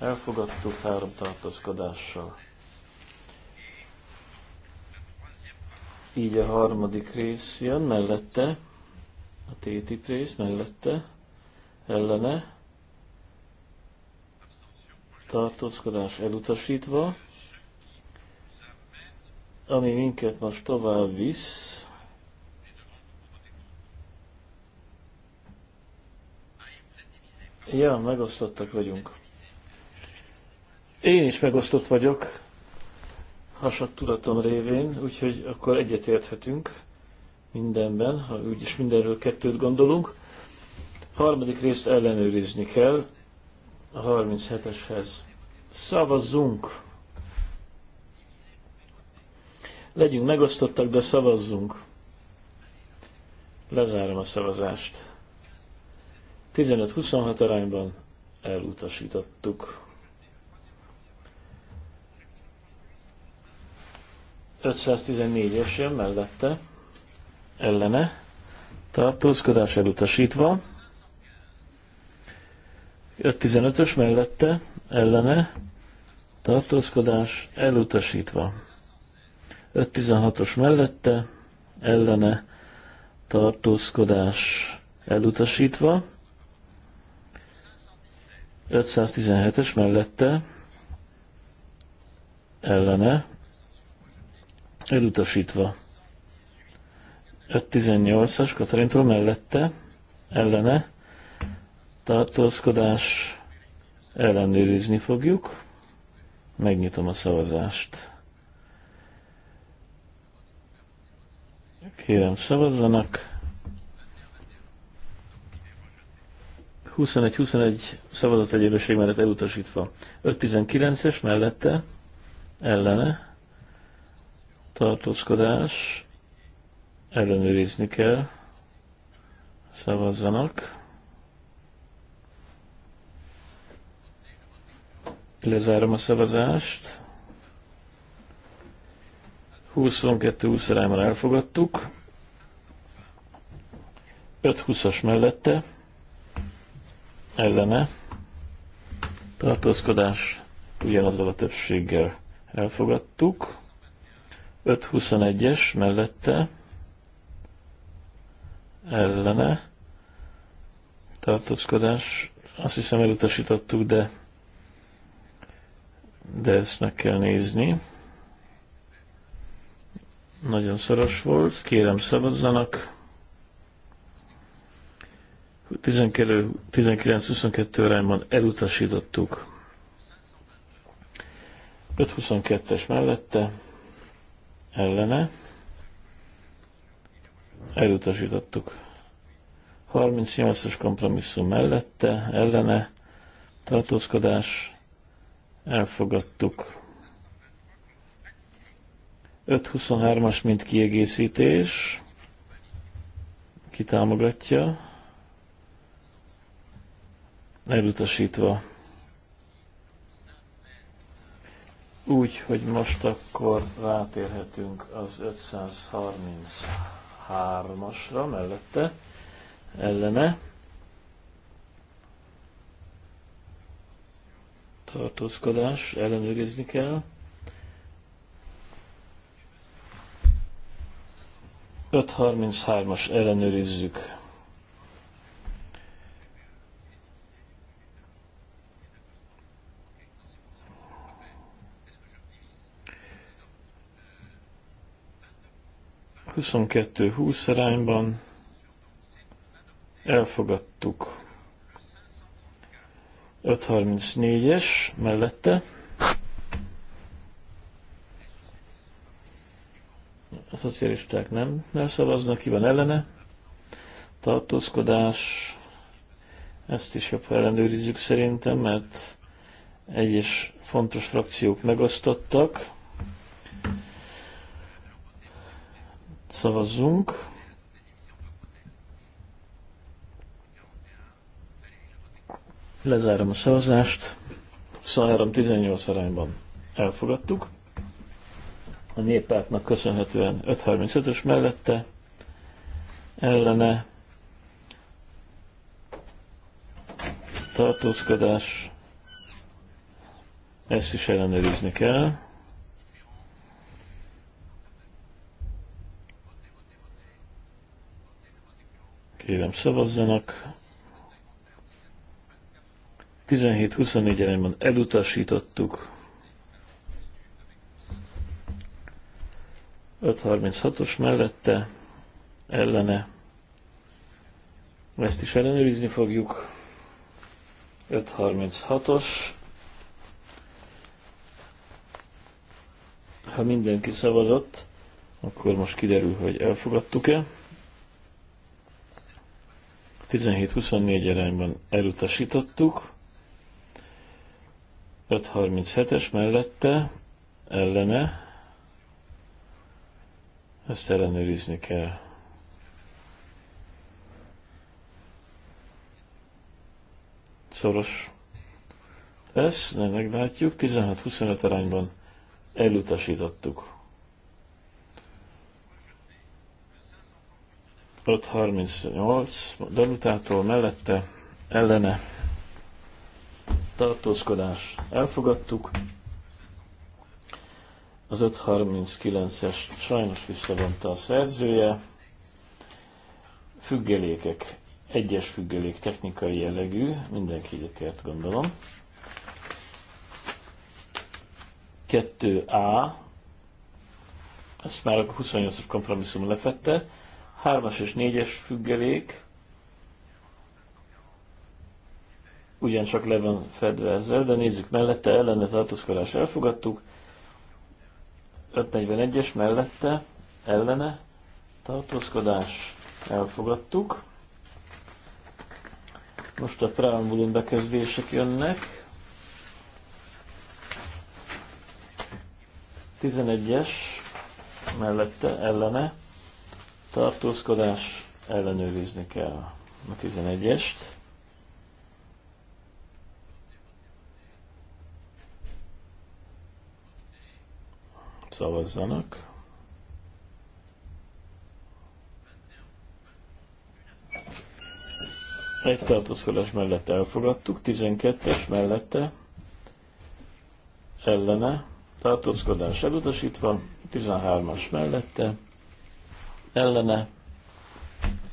elfogadtuk három tartózkodással. Így a harmadik rész jön mellette, a tétip rész mellette, ellene, tartózkodás elutasítva, ami minket most tovább visz, Ja, megosztottak vagyunk. Én is megosztott vagyok, hasad tudatom révén, úgyhogy akkor egyetérthetünk mindenben, ha úgyis mindenről kettőt gondolunk. A harmadik részt ellenőrizni kell a 37-eshez. Szavazzunk! Legyünk megosztottak, de szavazzunk. Lezárom a szavazást. 15-26 arányban elutasítottuk. 514-es jön mellette, ellene, tartózkodás elutasítva. 515-ös mellette, ellene, tartózkodás elutasítva. 5.16-os mellette ellene tartózkodás elutasítva, 517-es mellette ellene elutasítva. 518-as Katarintól mellette ellene tartózkodás ellenőrizni fogjuk. Megnyitom a szavazást. Kérem szavazzanak. 21-21 szavazat egyenlőség mellett elutasítva. 5-19-es mellette ellene tartózkodás ellenőrizni kell. Szavazzanak. Lezárom a szavazást. 22-20 már elfogadtuk. 5-20-as mellette ellene tartózkodás ugyanazzal a többséggel elfogadtuk. 5-21-es mellette ellene tartózkodás azt hiszem elutasítottuk, de de ezt meg kell nézni. Nagyon szoros volt. Kérem szavazzanak. 19-22 arányban elutasítottuk. 5-22-es mellette, ellene, elutasítottuk. 38-as kompromisszum mellette, ellene, tartózkodás, elfogadtuk. 5.23-as, mint kiegészítés. Kitámogatja. Elutasítva. Úgy, hogy most akkor rátérhetünk az 533-asra mellette, ellene. Tartózkodás, ellenőrizni kell. 533-as ellenőrizzük. Huszonkettő húsz arányban elfogadtuk 534-es mellette. a szocialisták nem elszavaznak, ki van ellene, tartózkodás, ezt is jobb, ellenőrizzük szerintem, mert egyes fontos frakciók megosztottak. Szavazzunk. Lezárom a szavazást. 23-18 arányban elfogadtuk a néppártnak köszönhetően 535-ös mellette, ellene tartózkodás, ezt is ellenőrizni kell. Kérem szavazzanak. 17-24 arányban elutasítottuk. 35-36-os mellette ellene. Ezt is ellenőrizni fogjuk. 536-os. Ha mindenki szavazott, akkor most kiderül, hogy elfogadtuk-e. 17-24 arányban elutasítottuk. 537-es mellette ellene ezt ellenőrizni kell. Szoros lesz, nem meglátjuk. 16-25 arányban elutasítottuk. 538 Danutától mellette ellene tartózkodás elfogadtuk. Az 539-es sajnos visszavonta a szerzője. Függelékek. Egyes függelék technikai jellegű, mindenki egyetért gondolom. 2A, ezt már a 28-as kompromisszum lefette, 3-as és 4-es függelék, ugyancsak le van fedve ezzel, de nézzük mellette, ellene tartózkodás elfogadtuk, 541-es mellette ellene tartózkodás elfogadtuk. Most a preambulum bekezdések jönnek. 11-es mellette ellene tartózkodás ellenőrizni kell a 11-est. szavazzanak. Egy tartózkodás mellett elfogadtuk, 12-es mellette ellene tartózkodás elutasítva, 13-as mellette ellene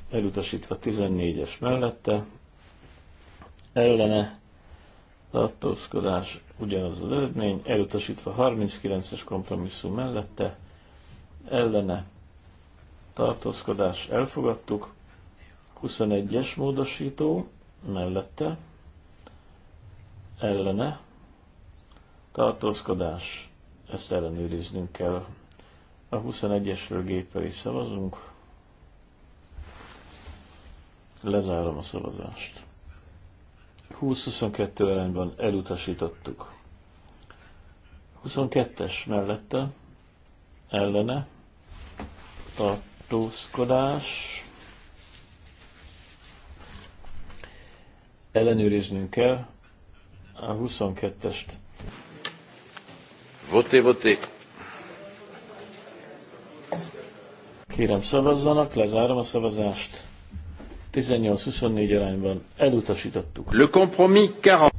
elutasítva 14-es mellette, ellene tartózkodás ugyanaz az eredmény, elutasítva 39-es kompromisszum mellette, ellene tartózkodás elfogadtuk, 21-es módosító mellette, ellene tartózkodás, ezt ellenőriznünk kell. A 21-esről géppel is szavazunk. Lezárom a szavazást. 20-22 arányban elutasítottuk. 22-es mellette ellene tartózkodás. Ellenőriznünk kell a 22-est. Voté, voté. Kérem szavazzanak, lezárom a szavazást. 18-24 arányban elutasítottuk. Le compromis 40.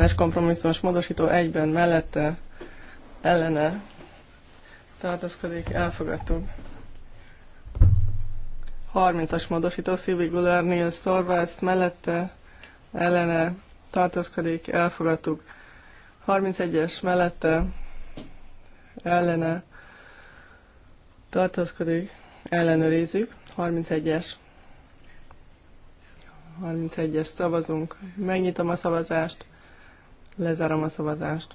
40-es kompromisszumos módosító egyben mellette ellene tartozkodik, elfogadtuk. 30-as módosító Szilvi Guller, Nils Torvalds mellette ellene tartozkodik, elfogadtuk. 31-es mellette ellene tartózkodik, ellenőrizzük. 31-es. 31-es szavazunk. Megnyitom a szavazást, lezárom a szavazást.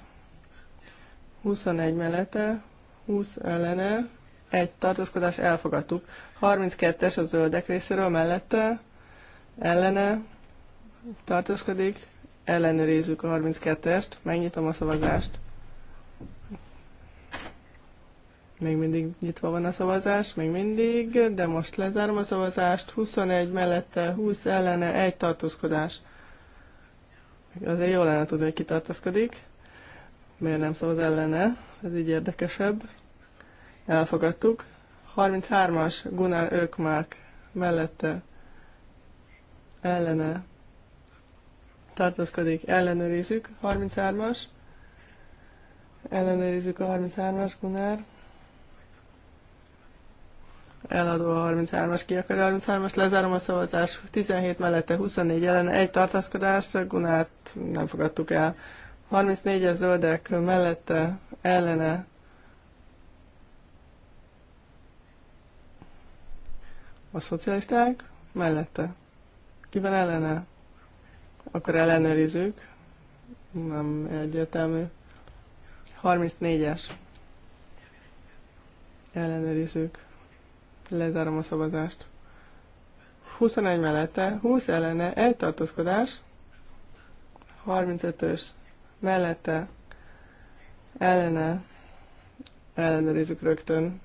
21 mellette, 20 ellene, egy tartózkodás elfogadtuk. 32-es a zöldek részéről mellette, ellene, tartózkodik, ellenőrizzük a 32-est, megnyitom a szavazást. Még mindig nyitva van a szavazás, még mindig, de most lezárom a szavazást. 21 mellette, 20 ellene, egy tartózkodás. Azért jó lenne tudni, hogy ki tartózkodik. Miért nem szavaz ellene? Ez így érdekesebb. Elfogadtuk. 33-as Gunnar Ökmark mellette ellene tartózkodik. Ellenőrizzük 33-as. Ellenőrizzük a 33-as Gunnar eladó a 33-as, ki akar a 33-as, lezárom a szavazás, 17 mellette 24 ellen, egy tartaszkodás, Gunárt nem fogadtuk el. 34-es zöldek mellette, ellene, a szocialisták mellette. Ki van ellene? Akkor ellenőrizzük. Nem egyértelmű. 34-es. Ellenőrizzük. Lezárom a szavazást. 21 mellette, 20 ellene, egy tartózkodás, 35-ös mellette, ellene, ellenőrizzük rögtön.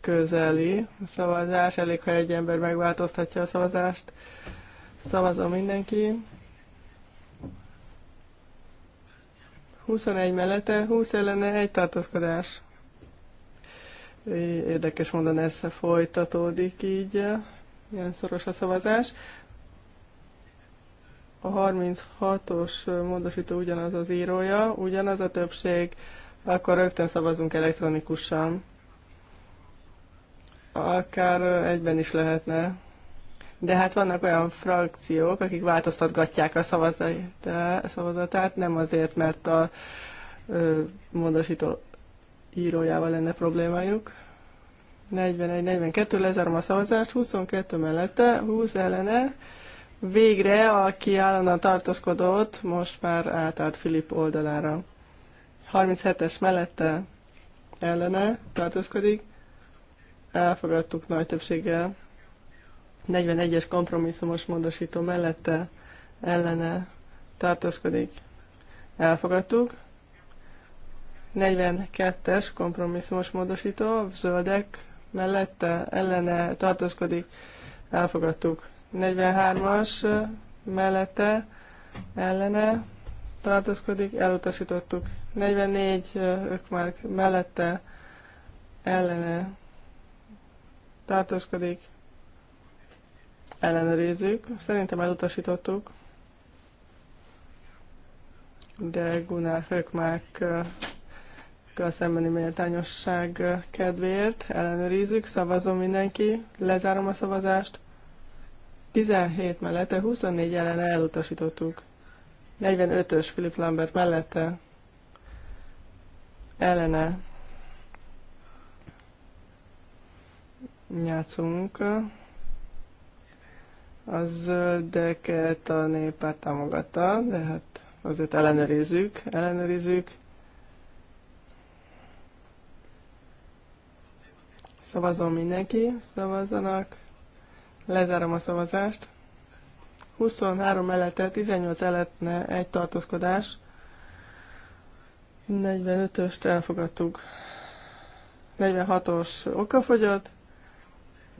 Közeli a szavazás, elég, ha egy ember megváltoztatja a szavazást. Szavazom mindenki. 21 mellette, 20 ellene, egy tartózkodás. Érdekes mondani, ez folytatódik így, ilyen szoros a szavazás. A 36-os módosító ugyanaz az írója, ugyanaz a többség, akkor rögtön szavazunk elektronikusan. Akár egyben is lehetne. De hát vannak olyan frakciók, akik változtatgatják a szavazatát, nem azért, mert a ö, módosító írójával lenne problémájuk. 41-42, lezárom a szavazást, 22 mellette, 20 ellene. Végre, aki állandóan tartózkodott, most már átállt Filip oldalára. 37-es mellette ellene tartózkodik. Elfogadtuk nagy többséggel. 41-es kompromisszumos módosító mellette ellene tartózkodik. Elfogadtuk. 42-es kompromisszumos módosító, zöldek mellette ellene tartózkodik, elfogadtuk. 43-as mellette ellene tartózkodik, elutasítottuk. 44 ők már mellette ellene tartózkodik, ellenőrizzük. Szerintem elutasítottuk. De Gunnar Hökmák szembeni méltányosság kedvéért. Ellenőrizzük, szavazom mindenki, lezárom a szavazást. 17 mellette, 24 ellen elutasítottuk. 45-ös Philip Lambert mellette, ellene játszunk. A zöldeket a néppárt támogatta, de hát azért ellenőrizzük, ellenőrizzük. Szavazom mindenki, szavazzanak. Lezárom a szavazást. 23 mellette, 18 elletne egy tartózkodás. 45-öst elfogadtuk. 46-os okafogyott.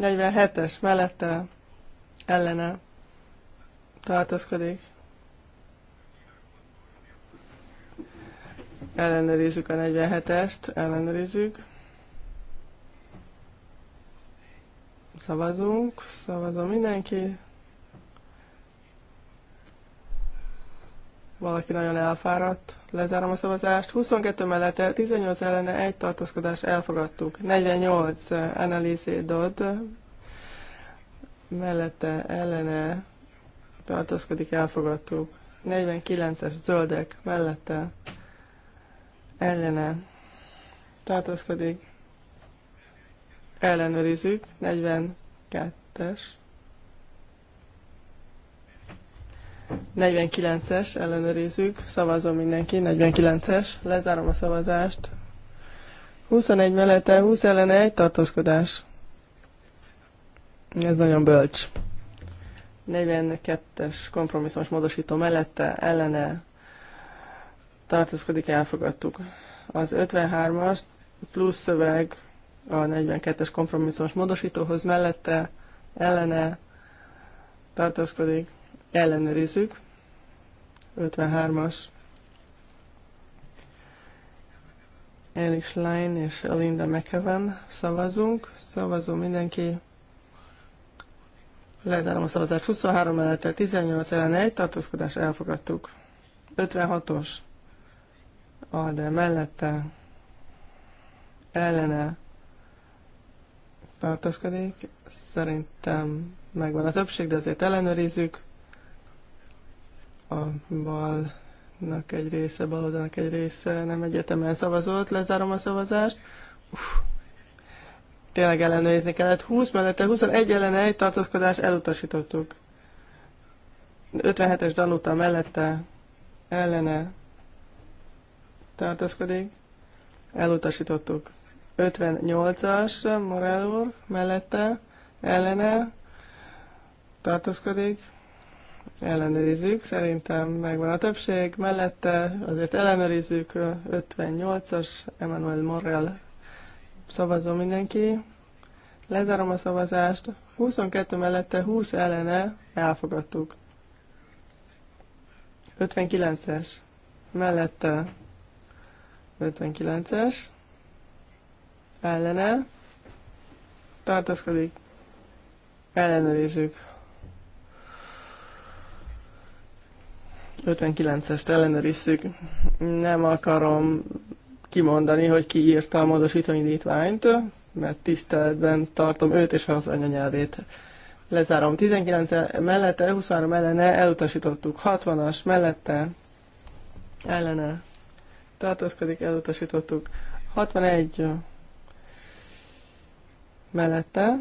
47-es mellette ellene tartózkodik. Ellenőrizzük a 47-est, ellenőrizzük. Szavazunk, szavazom mindenki. Valaki nagyon elfáradt. Lezárom a szavazást. 22 mellett, 18 ellene, egy tartózkodás elfogadtuk. 48 Annalise Dodd mellette, ellene tartózkodik, elfogadtuk. 49-es zöldek mellette, ellene tartózkodik, ellenőrizzük, 42-es, 49-es, ellenőrizzük, szavazom mindenki, 49-es, lezárom a szavazást. 21 mellette, 20 ellene, egy tartózkodás. Ez nagyon bölcs. 42-es kompromisszumos módosító mellette, ellene tartózkodik, elfogadtuk. Az 53-as plusz szöveg a 42-es kompromisszumos módosítóhoz mellette ellene tartózkodik, ellenőrizzük. 53-as Eric Line és Linda McEwen szavazunk. Szavazó mindenki. Lezárom a szavazást. 23 mellette 18 ellen 1 tartózkodás elfogadtuk. 56-os. A, de mellette ellene tartózkodik. Szerintem megvan a többség, de azért ellenőrizzük. A balnak egy része, baloldalnak egy része nem egyetemen szavazott. Lezárom a szavazást. Uf. Tényleg ellenőrizni kellett. 20 mellette 21 ellen egy tartózkodás elutasítottuk. 57-es Danuta mellette ellene tartózkodik. Elutasítottuk. 58-as Morel úr mellette, ellene tartózkodik. Ellenőrizzük, szerintem megvan a többség, mellette azért ellenőrizzük, 58-as Emmanuel Morel szavazó mindenki. Lezárom a szavazást, 22 mellette, 20 ellene elfogadtuk. 59-es mellette 59-es ellene tartózkodik, ellenőrizzük. 59-est ellenőrizzük. Nem akarom kimondani, hogy ki írta a módosítóindítványt, mert tiszteletben tartom őt és az anyanyelvét. Lezárom. 19 mellette, 23 ellene, elutasítottuk. 60-as mellette, ellene, tartozkodik, elutasítottuk. 61 mellette,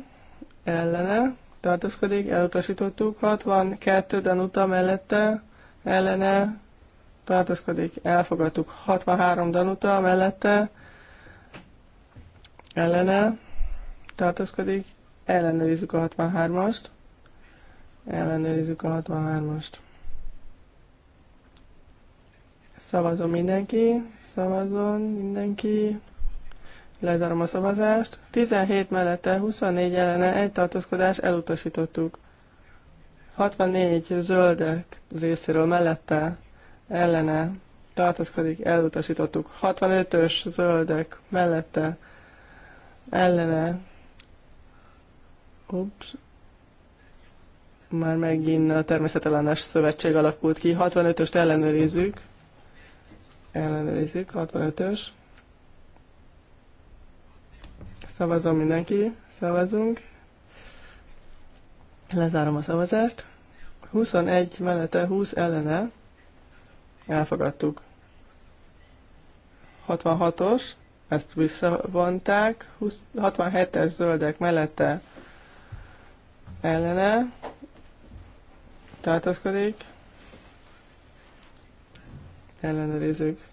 ellene, tartózkodik, elutasítottuk, 62 Danuta mellette, ellene, tartózkodik, elfogadtuk, 63 Danuta mellette, ellene, tartózkodik, ellenőrizzük a 63-ast, ellenőrizzük a 63-ast. Szavazom mindenki, szavazom mindenki, Lezárom a szavazást. 17 mellette, 24 ellene, egy tartózkodás, elutasítottuk. 64 zöldek részéről mellette, ellene, tartózkodik, elutasítottuk. 65-ös zöldek mellette, ellene. Ups. Már megint a természetellenes szövetség alakult ki. 65-öst ellenőrizzük. Ellenőrizzük, 65-ös. Szavazom mindenki, szavazunk. Lezárom a szavazást. 21 mellette, 20 ellene. Elfogadtuk. 66-os, ezt visszavonták. 67-es zöldek mellette ellene. Tartozkodik. Ellenőrizzük.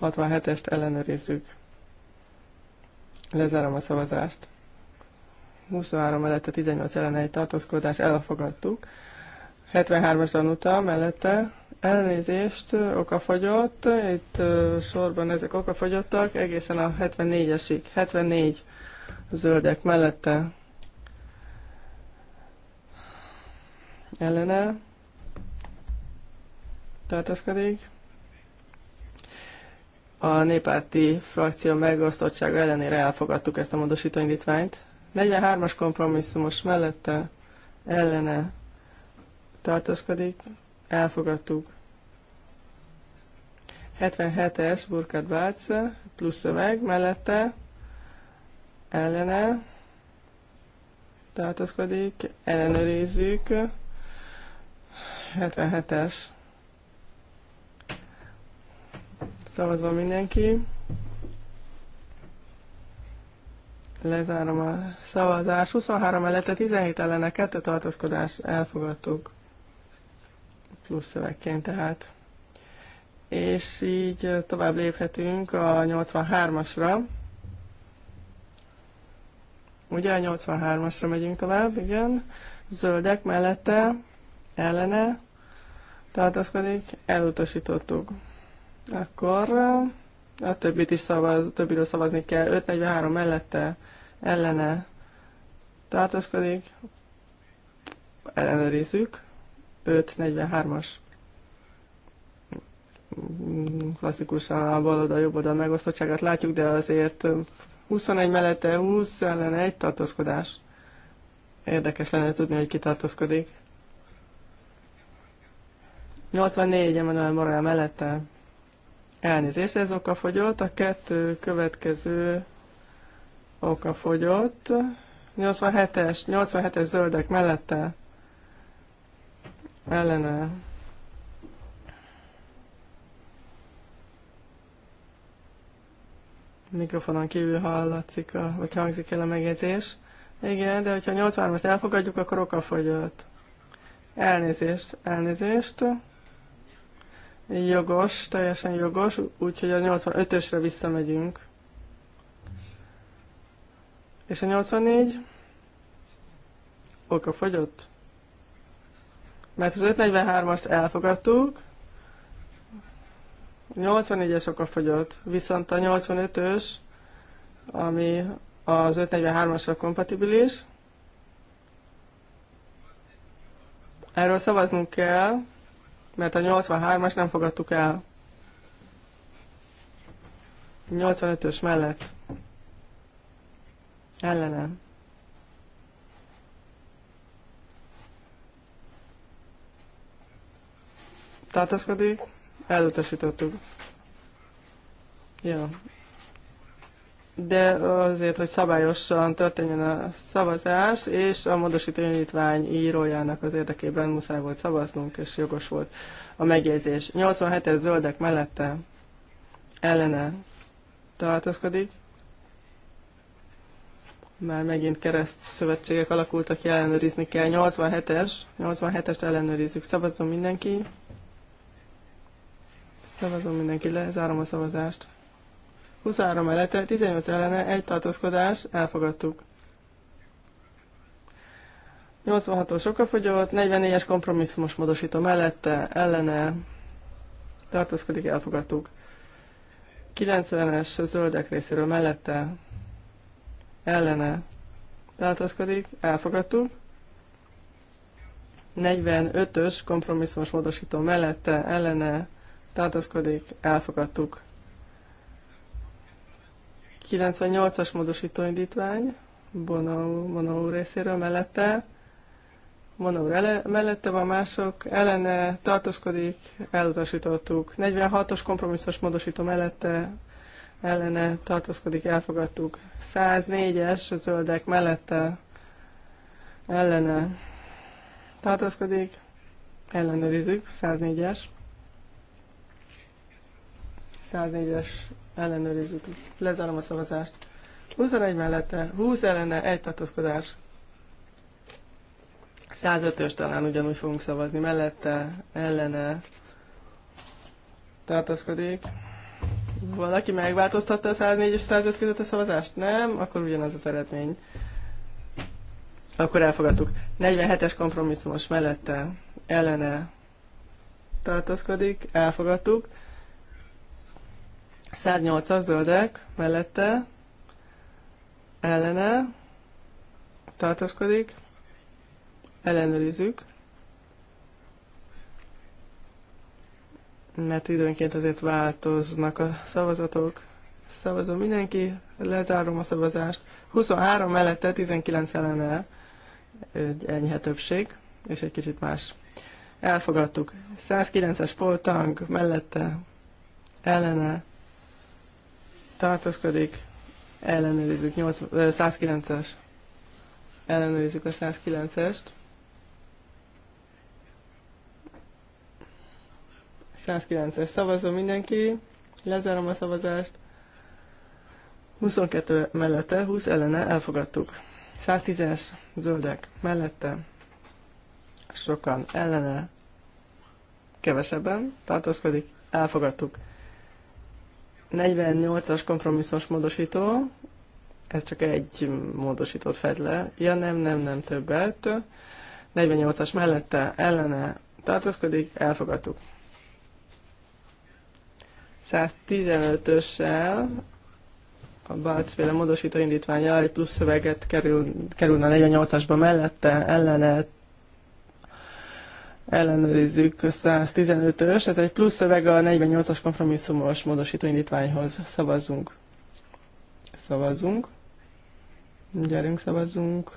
67-est ellenőrizzük. Lezárom a szavazást. 23 mellette 18 ellen egy tartózkodás elfogadtuk. 73-as Danuta mellette elnézést okafogyott, itt sorban ezek okafogyottak, egészen a 74-esig. 74 zöldek mellette ellene tartózkodik a néppárti frakció megosztottsága ellenére elfogadtuk ezt a módosító indítványt. 43-as kompromisszumos mellette ellene tartózkodik, elfogadtuk. 77-es Burkhard Bác plusz szöveg mellette ellene tartózkodik, ellenőrizzük. 77-es Szavazom mindenki. Lezárom a szavazás. 23 mellette 17 ellene 2 tartózkodás elfogadtuk. Plusz szövegként tehát. És így tovább léphetünk a 83-asra. Ugye a 83-asra megyünk tovább, igen. Zöldek mellette, ellene tartózkodik, elutasítottuk. Akkor a többit is szavaz, a többiről szavazni kell. 543 mellette ellene tartózkodik. Ellenőrizzük. 543-as klasszikusan a bal oda, jobb oda megosztottságát látjuk, de azért 21 mellette 20 ellen egy tartózkodás. Érdekes lenne tudni, hogy ki tartózkodik. 84 Emmanuel Morel mellette Elnézést, ez oka fogyott. A kettő következő oka fogyott. 87-es, 87-es zöldek mellette. Ellene. Mikrofonon kívül hallatszik, a, vagy hangzik el a megjegyzés. Igen, de hogyha 83-ast elfogadjuk, akkor oka fogyott. Elnézést, elnézést. Jogos, teljesen jogos, úgyhogy a 85-ösre visszamegyünk. És a 84? Oka fogyott? Mert az 543-ast elfogadtuk, 84-es oka fogyott, viszont a 85-ös, ami az 543-asra kompatibilis, erről szavaznunk kell, mert a 83-as nem fogadtuk el. 85-ös mellett. Ellene. Tartaszkodik. Elutasítottuk. Jó, de azért, hogy szabályosan történjen a szavazás, és a módosító írójának az érdekében muszáj volt szavaznunk, és jogos volt a megjegyzés. 87-es zöldek mellette ellene tartozkodik, Már megint kereszt szövetségek alakultak, ellenőrizni kell. 87-es, 87-est ellenőrizzük. Szavazzon mindenki. Szavazom mindenki, lezárom a szavazást. 23 mellette, 18 ellene, egy tartózkodás, elfogadtuk. 86-os okafogyott, 44-es kompromisszumos módosító mellette, ellene, tartózkodik, elfogadtuk. 90-es zöldek részéről mellette, ellene, tartózkodik, elfogadtuk. 45-ös kompromisszumos módosító mellette, ellene, tartózkodik, elfogadtuk. 98-as módosítóindítvány, Bonau, Bonau részéről mellette. Bonau mellette van mások, ellene tartózkodik, elutasítottuk. 46-os kompromisszos módosító mellette, ellene tartózkodik, elfogadtuk. 104-es zöldek mellette, ellene tartózkodik, ellenőrizzük, 104-es. 104-es ellenőrizzük. Lezárom a szavazást. 21 mellette, 20 ellene, egy tartózkodás. 105-ös talán ugyanúgy fogunk szavazni. Mellette, ellene tartózkodik. Valaki megváltoztatta a 104 és 105 között a szavazást? Nem? Akkor ugyanaz az eredmény. Akkor elfogadtuk. 47-es kompromisszumos mellette, ellene tartózkodik, elfogadtuk. 108-as zöldek mellette ellene tartózkodik, ellenőrizzük, mert időnként azért változnak a szavazatok. Szavazom mindenki, lezárom a szavazást. 23 mellette, 19 ellene egy enyhe többség, és egy kicsit más. Elfogadtuk. 109-es poltang mellette, ellene tartózkodik, ellenőrizzük 109-es. Ellenőrizzük a 109-est. 109-es szavazom mindenki, lezárom a szavazást. 22 mellette, 20 ellene elfogadtuk. 110-es zöldek mellette, sokan ellene, kevesebben tartózkodik, elfogadtuk. 48-as kompromisszos módosító, ez csak egy módosítót fed le. Ja nem, nem, nem többet. 48-as mellette ellene tartózkodik, elfogadtuk. 115-össel a Balcféle módosító indítványa egy plusz szöveget kerül, kerülne a 48-asba mellette, ellenet ellenőrizzük 115-ös, ez egy plusz szöveg a 48-as kompromisszumos módosítóindítványhoz. Szavazzunk. Szavazzunk. Gyerünk, szavazzunk.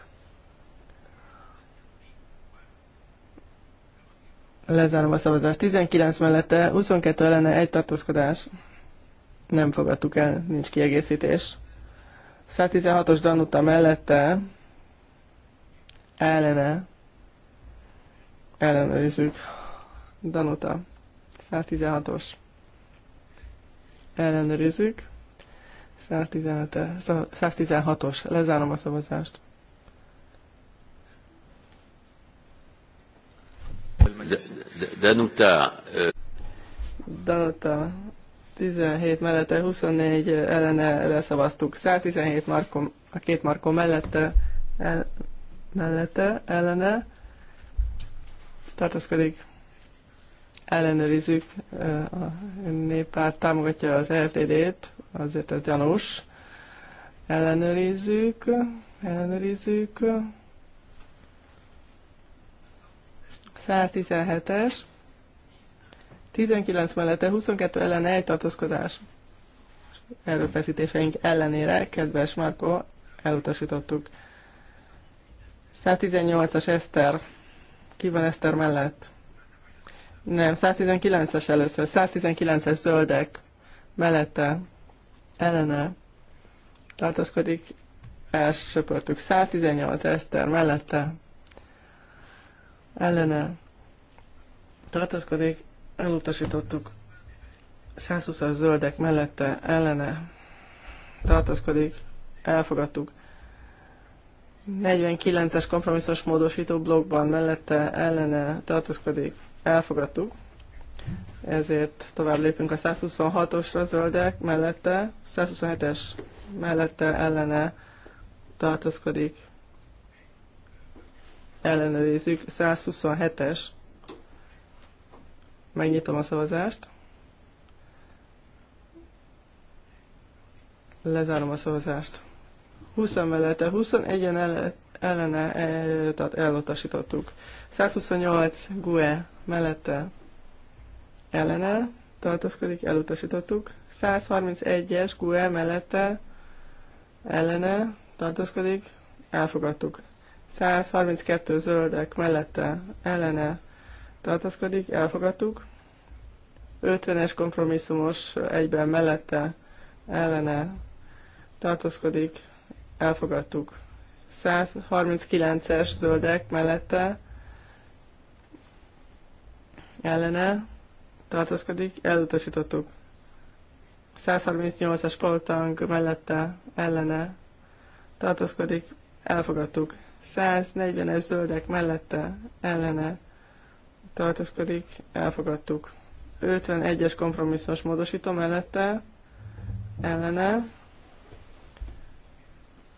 Lezárom a szavazást. 19 mellette, 22 ellene, egy tartózkodás. Nem fogadtuk el, nincs kiegészítés. 116-os Danuta mellette, ellene, ellenőrizzük. Danuta, 116-os. Ellenőrizzük. 116-os. Lezárom a szavazást. Danuta. Danuta. 17 mellette, 24 ellene leszavaztuk. 117 markom, a két markom mellette, el, mellette, ellene tartózkodik. Ellenőrizzük, a néppárt támogatja az RTD-t, azért ez gyanús. Ellenőrizzük, ellenőrizzük. 117-es. 19 mellette 22 ellen egy tartózkodás erőfeszítéseink ellenére, kedves Marko, elutasítottuk. 118-as Eszter ki van Eszter mellett? Nem, 119-es először. 119-es zöldek mellette, ellene tartozkodik, Elsöpörtük. 118 Eszter mellette, ellene tartozkodik, Elutasítottuk. 120-as zöldek mellette, ellene tartozkodik, Elfogadtuk. 49-es kompromisszos módosító blokkban mellette ellene tartózkodik, elfogadtuk. Ezért tovább lépünk a 126-osra zöldek mellette, 127-es mellette ellene tartózkodik, ellenőrizzük, 127-es, megnyitom a szavazást, lezárom a szavazást. 20 mellette, 21-en ellene, e, tehát elutasítottuk. 128 GUE mellette ellene tartózkodik, elutasítottuk. 131-es GUE mellette ellene tartózkodik, elfogadtuk. 132 zöldek mellette ellene tartózkodik, elfogadtuk. 50-es kompromisszumos egyben mellette ellene tartózkodik, elfogadtuk. 139-es zöldek mellette ellene tartózkodik, elutasítottuk. 138 es poltang mellette ellene tartózkodik, elfogadtuk. 140-es zöldek mellette ellene tartózkodik, elfogadtuk. 51-es kompromisszos módosító mellette ellene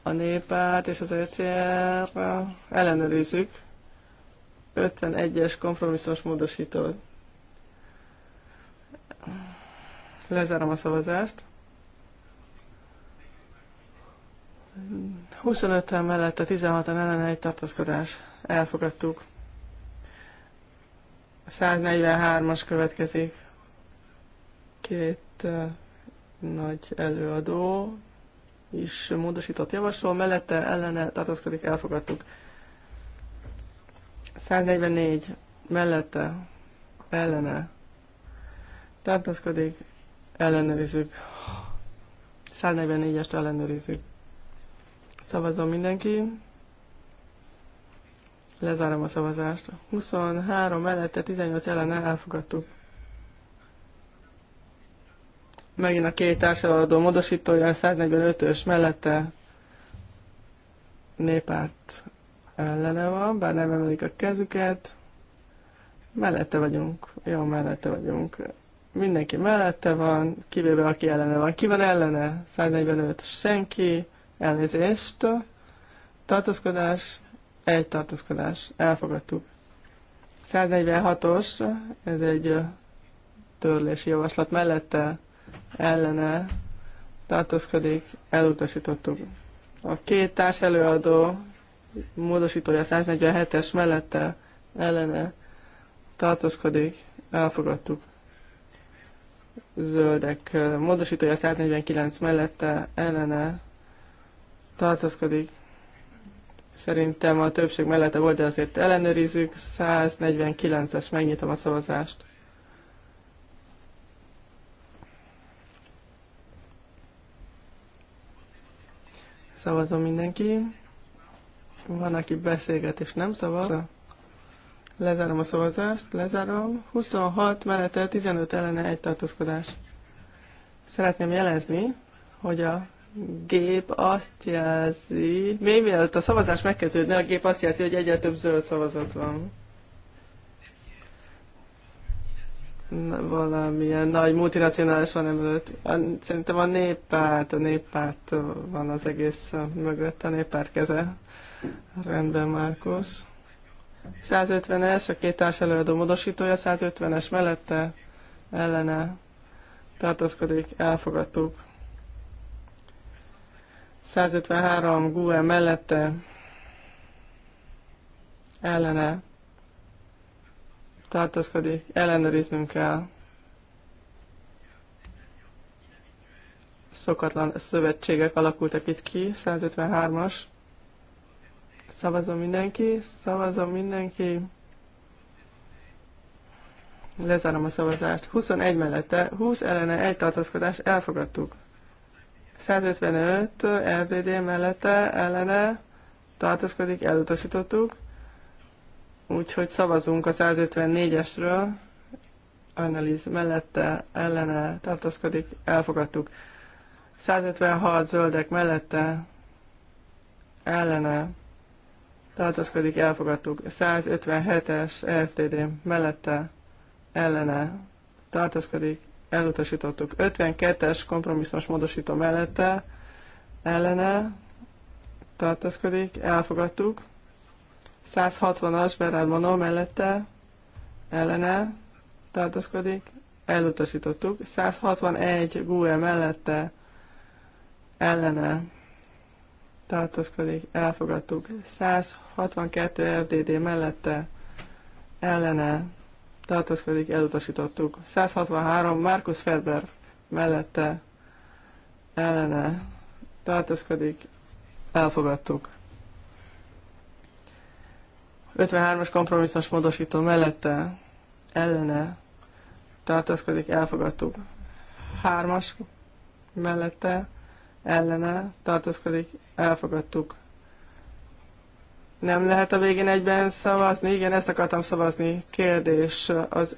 a népát és az ECR ellenőrizzük. 51-es kompromisszós módosító. Lezárom a szavazást. 25-en a 16-an ellen egy tartózkodás. Elfogadtuk. 143-as következik. Két uh, nagy előadó is módosított javasol, mellette ellene tartózkodik, elfogadtuk. 144 mellette ellene tartózkodik, ellenőrizzük. 144-est ellenőrizzük. Szavazom mindenki. Lezárom a szavazást. 23 mellette, 18 ellene elfogadtuk. Megint a két társadalmadó módosítója, a 145-ös mellette népárt ellene van, bár nem emelik a kezüket. Mellette vagyunk. Jó, mellette vagyunk. Mindenki mellette van, kivéve aki ellene van. Ki van ellene? 145. Senki. Elnézést. Tartózkodás. Egy tartózkodás. Elfogadtuk. 146-os, ez egy törlési javaslat mellette ellene tartózkodik, elutasítottuk. A két társ előadó módosítója 147-es mellette ellene tartózkodik, elfogadtuk. Zöldek módosítója 149 mellette ellene tartózkodik. Szerintem a többség mellette volt, de azért ellenőrizzük. 149-es, megnyitom a szavazást. Szavazom mindenki. Van, aki beszélget és nem szavaz. Lezárom a szavazást, lezárom. 26 mellette 15 ellene egy tartózkodás. Szeretném jelezni, hogy a gép azt jelzi, még mielőtt a szavazás megkezdődne, a gép azt jelzi, hogy egyre több zöld szavazat van. valamilyen nagy multinacionális van emögött. Szerintem a néppárt, a néppárt van az egész mögött, a néppárt keze. Rendben, Márkusz. 150-es, a két társ előadó módosítója, 150-es mellette, ellene tartózkodik, elfogadtuk. 153 GUE mellette, ellene pedig ellenőriznünk kell. Szokatlan szövetségek alakultak itt ki, 153-as. Szavazom mindenki, szavazom mindenki. Lezárom a szavazást. 21 mellette, 20 ellene, egy tartózkodás, elfogadtuk. 155 RDD mellette, ellene, tartózkodik, elutasítottuk. Úgyhogy szavazunk a 154-esről. Analiz mellette, ellene tartozkodik, elfogadtuk. 156 zöldek mellette, ellene tartozkodik, elfogadtuk. 157-es RTD mellette, ellene tartozkodik, elutasítottuk. 52-es kompromisszumos módosító mellette, ellene tartozkodik, elfogadtuk. 160-as Bernard Mono mellette ellene tartózkodik, elutasítottuk. 161 Google mellette ellene tartózkodik, elfogadtuk. 162 RDD mellette ellene tartózkodik, elutasítottuk. 163 Markus Ferber mellette ellene tartózkodik, elfogadtuk. 53-as kompromisszos módosító mellette ellene tartózkodik, elfogadtuk. 3-as mellette ellene tartózkodik, elfogadtuk. Nem lehet a végén egyben szavazni? Igen, ezt akartam szavazni. Kérdés az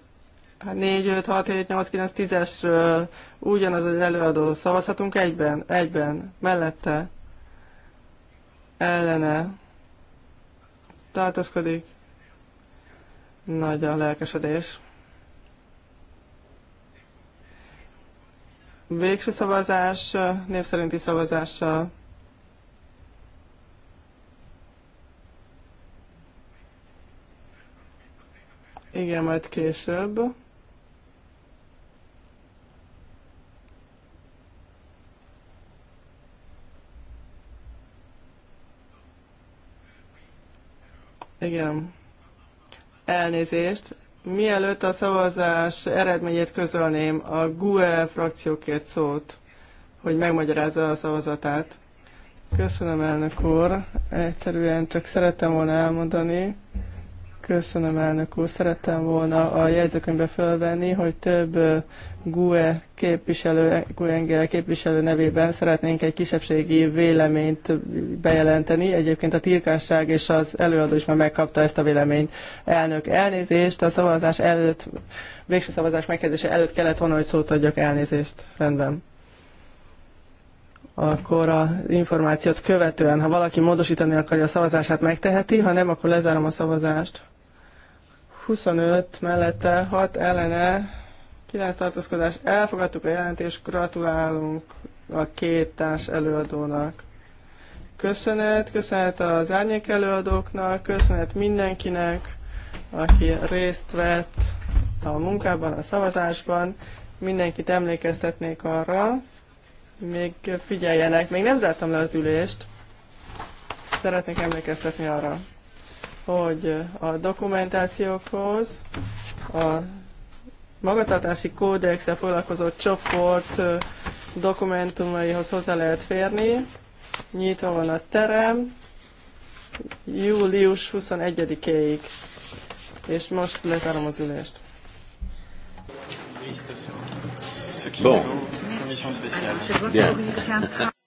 4, 5, 6, 7, 8, 9, 10-esről ugyanaz az előadó. Szavazhatunk egyben? Egyben. Mellette. Ellene tartózkodik. Nagy a lelkesedés. Végső szavazás, név szerinti szavazással. Igen, majd később. Igen. Elnézést. Mielőtt a szavazás eredményét közölném, a GUE frakció kért szót, hogy megmagyarázza a szavazatát. Köszönöm, elnök úr. Egyszerűen csak szerettem volna elmondani, Köszönöm, elnök úr. Szerettem volna a jegyzőkönyvbe fölvenni, hogy több GUE képviselő, GUE képviselő nevében szeretnénk egy kisebbségi véleményt bejelenteni. Egyébként a tilkásság és az előadó is már megkapta ezt a véleményt. Elnök, elnézést, a szavazás előtt, végső szavazás megkezdése előtt kellett volna, hogy szót adjak elnézést. Rendben akkor az információt követően, ha valaki módosítani akarja a szavazását, megteheti, ha nem, akkor lezárom a szavazást. 25 mellette, 6 ellene, 9 tartózkodás. Elfogadtuk a jelentést, gratulálunk a két társ előadónak. Köszönet, köszönet az árnyék előadóknak, köszönet mindenkinek, aki részt vett a munkában, a szavazásban. Mindenkit emlékeztetnék arra, még figyeljenek, még nem zártam le az ülést, szeretnék emlékeztetni arra hogy a dokumentációkhoz a magatartási kódexre foglalkozó csoport dokumentumaihoz hozzá lehet férni. Nyitva van a terem július 21-éig. És most lezárom az ülést. Bon. Bien.